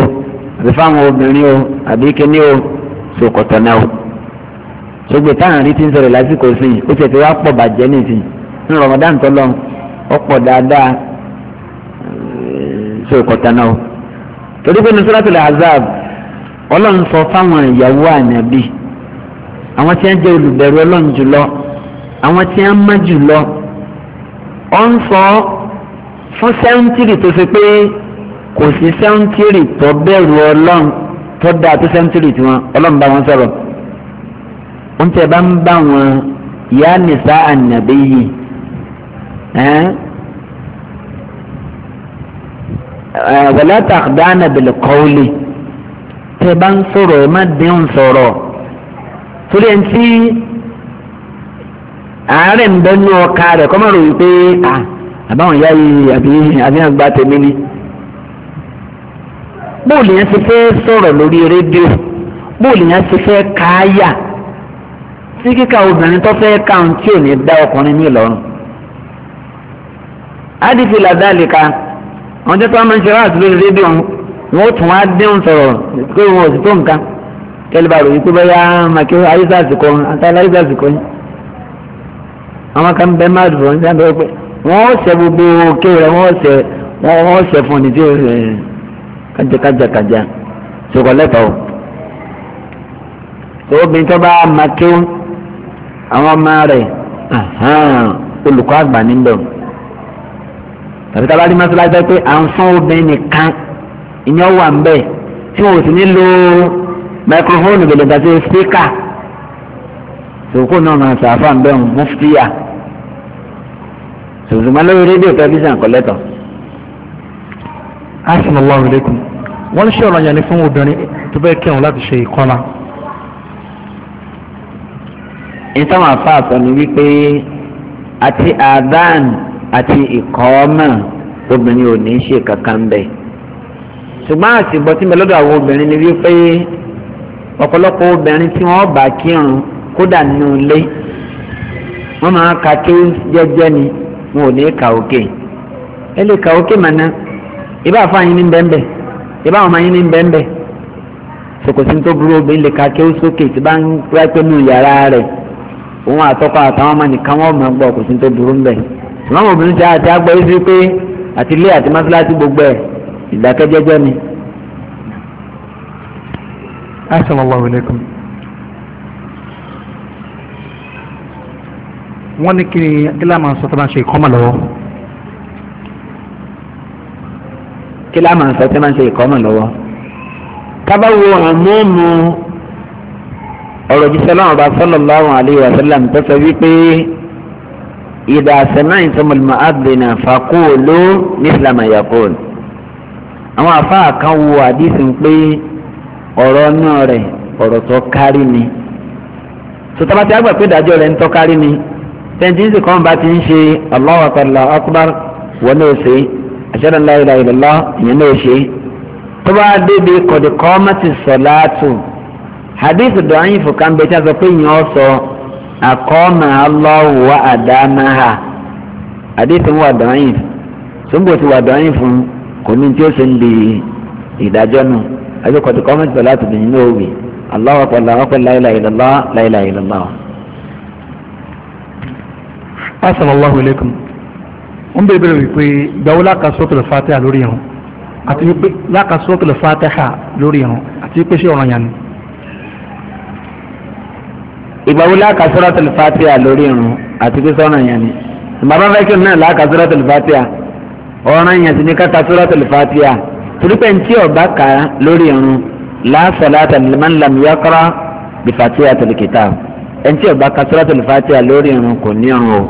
àbí fáwọn obìnrin o àbí kíní o sòkòtò náà o sọgbẹ táwọn rí ti ń sọ̀rọ̀ lásìkò sí i ó ti ti wá pọ̀ bàjẹ́ nìsín ní Ramadan torí pé nusratul azab ọlọ́run sọ fáwọn ìyàwó ànábì àwọn tí wọ́n jẹ́ olùbẹ̀rù ọlọ́run jùlọ àwọn tí wọ́n má jùlọ ọ ń sọ fún sẹ́ńtírì tó ṣe pé kò sí sẹ́ńtírì tó bẹ̀rù ọlọ́run tó dáa tó sẹ́ńtírì tí wọn ọlọ́run bá wọn sọ̀rọ̀ wọ́n bá ń bá wọn yá nìsa ànábì yìí. Eh, wala takhdana bil qawli tẹ bá ń sọ̀rọ̀ ẹ má dín ń sọ̀rọ̀ torí ẹ̀ ń tí àárẹ̀ ń bẹ́nu ọ̀ka rẹ̀ kọ́ máa rò wípé àbáwọn ìyá yìí àbí àbíyàn gba tèmi ni. bóòlù yẹn ti fẹ́ sọ̀rọ̀ lórí rédíò bóòlù yẹn ti fẹ́ kááyà tí kíkà obìnrin tó fẹ́ káwọn tí ò ní dá ọkùnrin ní ìlọrùn. adìsí làdá lè ka àwọn jẹ́ pé wọ́n máa ń ṣe wáàtí lórí rédíò wọn ó tún wá déhùn sọ̀rọ̀ pé wọn ò sì tó nǹkan kẹlẹ́bà ròyìn pé bẹ́yà màkì ayíṣà àsìkò àtàlà ayíṣà àsìkò yìí àwọn kan bẹ́ẹ̀ máa dùn wọn sábẹ́ pé wọ́n ó ṣe gbogbo òkè rẹ̀ wọ́n ó ṣe wọ́n ó ṣe fún ní tí ó ṣe kájàkájàkájà ṣòkò lẹ́tọ̀ọ́ obìnrin tó bá màkì àwọn ọmọ rẹ̀ olùkọ́ àgbà níbẹ̀ tàbí tá a bá rí mọ́sálásí pé à ń fún obìnrin nìkan ìyẹn wà ń bẹ̀ tí wọn ò sì ní lo microphone gbèlè gbàtí spíkà sòkò náà máa sàáfà ń bẹ̀ ń muftiya sòsùmọ́ lórí rédíò tẹlifíṣàn kọ́lẹ́tọ̀. asalaamu alaykum wọ́n ṣe ọ̀rọ̀ yẹn ni fún obìnrin tó bẹ́ẹ̀ kẹ́hùn láti ṣe ìkọ́lá. ìtàn àfa àsọ ni wípé àti àdáàn. àti ìkọ́ọ́mà obìnrin ò ní í ṣe kankan bẹ́ẹ̀. ṣùgbọ́n àtìgbọ́ tí mi lọ́dọ̀ àwọn obìnrin ni wípé ọ̀pọ̀lọpọ̀ obìnrin tí wọ́n bá kírun kódà nínú ilé wọ́n ka jẹ́jẹ́ wọn ò ní ka òkè ẹ lè ka òkè màná ibà fáyín ní bẹ́ẹ̀nbẹ́ ibà ọmọ yín ní bẹ́ẹ̀nbẹ́ sokosi tó burú obìnrin lè ka sókè tí bá ń nù ìmáàmù obìnrin tí a ti agbọ́ yìí sí pé àti ilé àti mọ́sálásí gbogbo ẹ̀ ìdákẹ́jẹ́jẹ́ ni. asalaamu alaykum. wọ́n ní kí ni kílá máa ń sọ tó máa ń ṣe ìkọ́mọ̀ lọ́wọ́. kílá sọ tó máa ṣe ìkọ́mọ̀ lọ́wọ́. kábàáwo àmúmu ọ̀rọ̀ jíṣẹ́ láwọn ọba sallallahu alayhi wa sallam tó sọ wípé. إذا سمعتم المؤذن فقولوا مثل ما يقول àwọn àfáà kan wo àdìsí ń pé ọ̀rọ̀ náà rẹ̀ ọ̀rọ̀ tó kárí ni sọtaba ti àgbà pé ìdájọ́ rẹ̀ ń tọ́ kárí ni tẹ̀síǹsì kan bá ti ń ṣe Allahu Akbar Allahu Akbar wọn náà ṣe ashhadu an la ilaha illallah ìyẹn náà ṣe tó bá débi qad qamati salatu àdìsí dọ̀ ayín fò kánbẹ́ tí àkọ́ọ̀mà Allahu wa àdámáha àdéhùn wà dọ́yìn sóńgbò ti wà dọ́yìn fún kò ní tí ó ṣe ń bi ìdájọ́ nù àjọkọ̀tì kọ́mẹ́tì pẹ̀lú àtùbí nínú òwe Allahu akbar Allahu akbar la ilaha illallah la ilaha illallah. assalamu alaikum ń bèrè bèrè wípé ìgbàwó láka suratul Fatiha lórí irun àti wípé láka suratul Fatiha lórí irun àti wípé ṣé ọ̀ràn yàn ìgbàwó láàkà suratul fatiha lórí irun àti pé sọ́ràn yẹn ni bàbá fẹ́ kí n náà láàkà suratul fatiha ọ̀ràn yẹn ti ní káta suratul fatiha torípé ntí ọba kà lórí irun la salata liman lam yaqra bi fatihatil kitab ntí ọba kà suratul fatiha lórí irun kò ní irun o.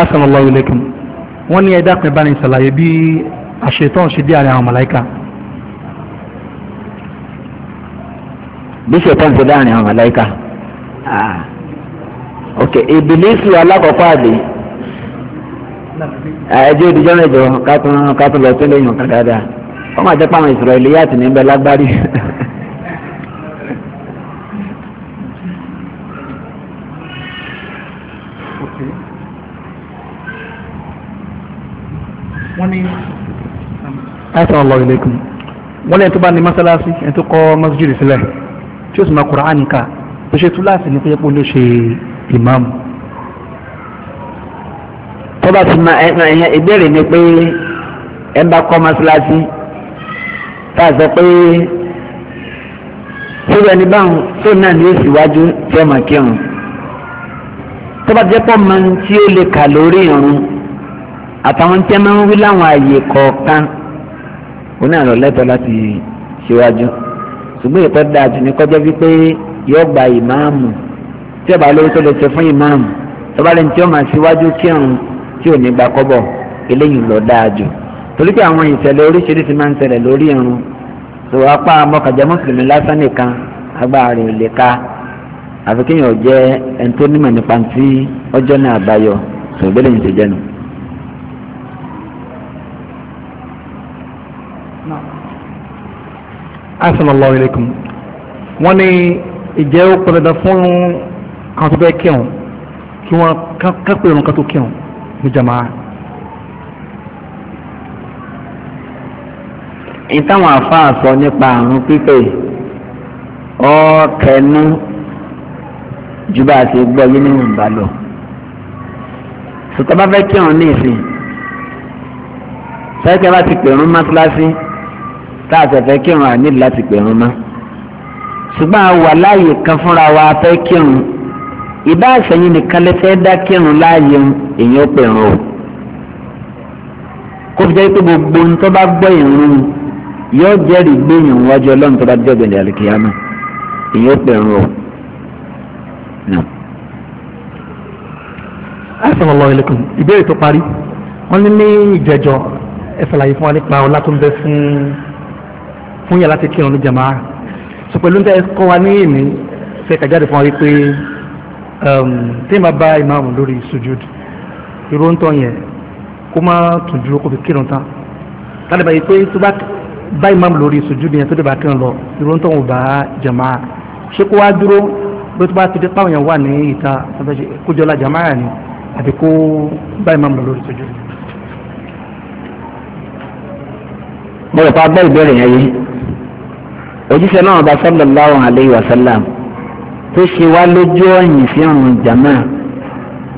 asanallahu alaikum ní ẹ̀dá pẹ̀ bá ní sàlàyé bí àṣetán ṣe dé àárín àwọn màláìka. bí ṣètàn ti dáhùn àwọn màláíkà ah. ok ìbílísì alákọ̀ọ́kọ́ àbí ah, ẹjọ́ ìdíjọ́ mẹ́jọ kátó lọ sílé yìí kan dáadáa wọ́n máa jẹ́ pàmò ìsirọ̀lì yàtì níbẹ̀ lágbárí. wọ́n ní. assalamu alaikum wọ́n ní ẹni tó bá ní mọ́sálásí ẹni tó kọ́ mọ́síjìrì sílẹ̀ tí ó sì máa kùránì ká tó ṣe túláàsì ní pé ló ṣe ìmáàmù. tó bá ti máa ẹ̀yàn ìbéèrè ni pé ẹ bá kọ́ mọ́ṣáláṣí tá a sọ pé síbẹ̀ ní báwọn tó náà ní oṣù iwájú tí ẹ máa kírun tó bá jẹ́ pọ̀ máa ń tí ó lè kà lórí irun àtàwọn tí ẹ máa ń wí láwọn àyè kọ̀ọ̀kan oní àlọ́ lẹ́tọ̀ọ́ láti ṣíwájú ṣùgbọ́n ìtọ́ da jù ní kọjá wípé yọ gba ìmáàmù tí ọba lórí tó lè ṣe fún ìmáàmù tọ́ba lẹ́ni tí ó máa ṣíwájú kírun tí ò ní gba kọ́bọ̀ eléyìí lọ dáa jù torí pé àwọn ìṣẹ̀lẹ̀ oríṣiríṣi máa ń ṣẹlẹ̀ lórí irun tó apá mọ́kànjá mùsùlùmí lásán nìkan agbára rẹ̀ ò lè ka àfi kéèyàn jẹ́ ẹni tó nímọ̀ nípa ti ọjọ́ náà àbáyọ ṣùgbọ́n eléyìí asanallahu alaykum wọ́n ní ìjẹ́ ó pẹ́ dandan fún àwọn tó bẹ́ẹ̀ kírun kí wọ́n kápẹ́ ìrun kan tó kírun ní jamaa. ìtàwọn àfáà sọ nípa àrùn pípé ọ̀ọ́kẹ́nu ju bá a ti gbọ́ yé nínú ìbálò sọtọ́ bá fẹ́ kírun ní ìsìn sẹ́kẹ́ bá ti pèrún mọ́tíláṣí tá a sì fẹ́ kírun àní láti pèrún mọ́ ṣùgbọ́n a wà láàyè kan fúnra wa fẹ́ kírun ìbá àṣẹyìn nìkan lè fẹ́ dá kírun láàyè èèyàn pèrún o kó fi jẹ́ pé gbogbo ń tó bá gbọ́ ìrun yóò jẹ́rìí gbé ìrun wájú ọlọ́run tó bá dé ọ̀gbìn àlùkìyàmù èèyàn pèrún o. Assalamu alaikum ìbéèrè tó parí wọ́n ní ní ìjẹ́jọ́ ẹ ṣàlàyé fún wa nípa ọlá tó ń bẹ fún fún yàrá ti kírun ní jamaa sọ pẹ̀lú níta ẹ̀kọ́ wa ní èmi fẹ́ kàjáde fún wa wípé um, tí màá bá ìmáàmù lórí sujud irú ń tọ́ yẹn kó má tún dúró kó fi kírun tán láti bá yìí pé tó bá bá ìmáàmù lórí sujud yẹn tó dé bá kírun lọ irú ń tọ́ wọn bá jamaa ṣé kó wá dúró bí tó bá ti dé páwọn yẹn wà ní ìta kójọ la jamaa ni àti kó bá ìmáàmù lórí sujud. mo rò pa gbọ́ ìbéèrè yẹn yìí òjíṣẹ́ náà ọba sallallahu alayhi wa sallam tó ṣe wá lójú ọ̀yìn sí ọ̀run jama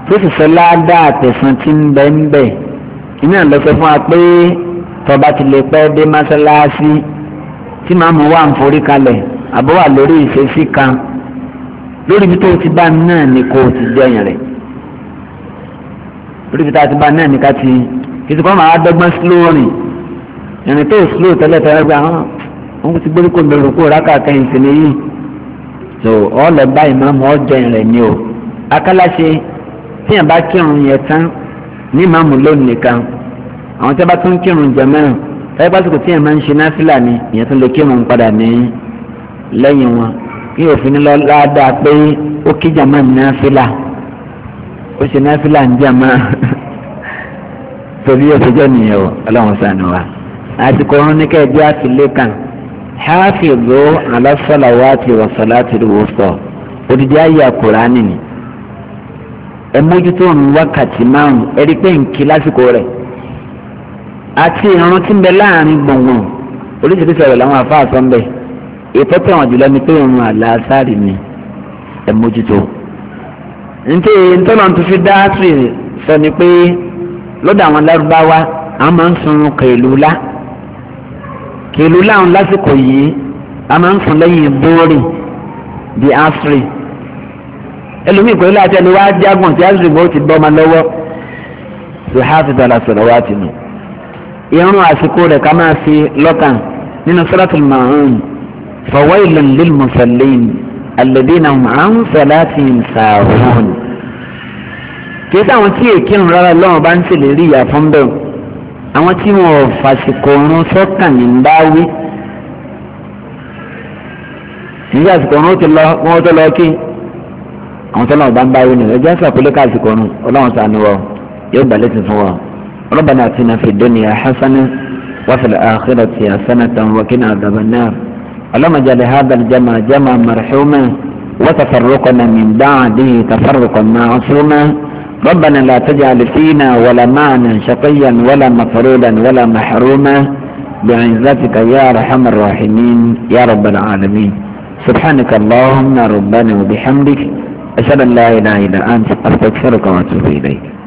tó sì sọ ládàá àtẹ̀sán tí ń bẹ́ ń bẹ̀ iná àlọ́sọ fún wa pé tọba ti lè pẹ́ dé mọ́sálásí tí màmú wà ń forí kalẹ̀ àbọ̀ wà lórí ìṣesí kan lórí ibi tó ti bá náà ni kò ti jẹyìn rẹ̀ lórí ibi tó ti bá náà ni ká ti kí ti kọ́ máa dọ́gbọ́n sílóòrìn ìrìn tó sílóò tẹ́lẹ̀ tẹ́lẹ̀ gbé àwọn. Ah, ń ti gbórí kò bẹ̀rù kó rákà kẹyìn sí ni yìí so ọlọ bá ìmáàmù ọjọ́ rẹ̀ ni o akálàṣe tí yàn bá kírun yẹn tán ní ìmáàmù lónìí nìkan àwọn tí a bá tún kírun jẹmọ́ táyé pásítọ̀ tí yàn máa ń ṣe náfìlà ni ìyẹn tún lè kírun padà ní lẹ́yìn wọn kí òfin lọ ládàá pé ó kí jàmá náfìlà ó ṣe náfìlà ń jàmá torí ọ̀sẹ̀ nìyẹn o ọlọ́run sànù wa àsìkò ọ̀run ní kẹ́ẹ̀jọ́ àtìlẹ́kàn hafizu ala salawati wa salati wusta odidi ayé akurani ni ẹ mójútó òun wákàtí márùn ẹ rí pé nkí lásìkò rẹ̀ àti ìrun tí ń bẹ láàrin gbọ̀ngbọ̀n oríṣiríṣi ọ̀rọ̀ làwọn afá àsọ ń bẹ ìfọ́tẹ̀ wọn jùlọ ni pé òun àlàásárì ni ẹ mójútó ntọ́nà tó fi dá sọ ni pé lọ́dọ̀ àwọn lárúbáwá àwọn máa ń sun kèlú lá ìlú láwọn lásìkò yìí a máa ń sùn lẹ́yìn bóòrì di asiri ẹlòmíì pẹ̀lú láti ẹni wá jágùn tí asiri bó ti bọ́ ọmọ lọ́wọ́ sí hafiz alasọ̀rọ̀ wá ti nù irun àsìkò rẹ̀ ká máa fi lọ́kàn nínú suratul Ma'un fawailun lil musallin alladina hum an salatihim sahun kì sáwọn tí èkìrùn rárá lọ́wọ́ bá ń ṣèlérí ìyà fún bẹ́ẹ̀ àwọn tí wọn ò fàsìkò ọrùn sọ́kàn ní bá wí nígbà àsìkò ọrùn ti lọ wọn tó lọ kí àwọn tó lọ́wọ́ bá ń bá wí nìyẹn ẹjẹ́ sàkólé ká àsìkò ọrùn ọlọ́wọ́n sànù wọ yóò gbà létí fún wọn Rabbana atina fid dunya hasanatan wa fil akhirati hasanatan wa qina adhaban nar اللهم اجعل هذا الجمع جمع مرحوما وتفرقنا من بعده تفرقا معصوما ربنا لا تجعل فينا ولا معنا شقيا ولا مفرودا ولا محروما بعزتك يا ارحم الراحمين يا رب العالمين سبحانك اللهم ربنا وبحمدك اشهد ان لا اله الا انت استغفرك واتوب اليك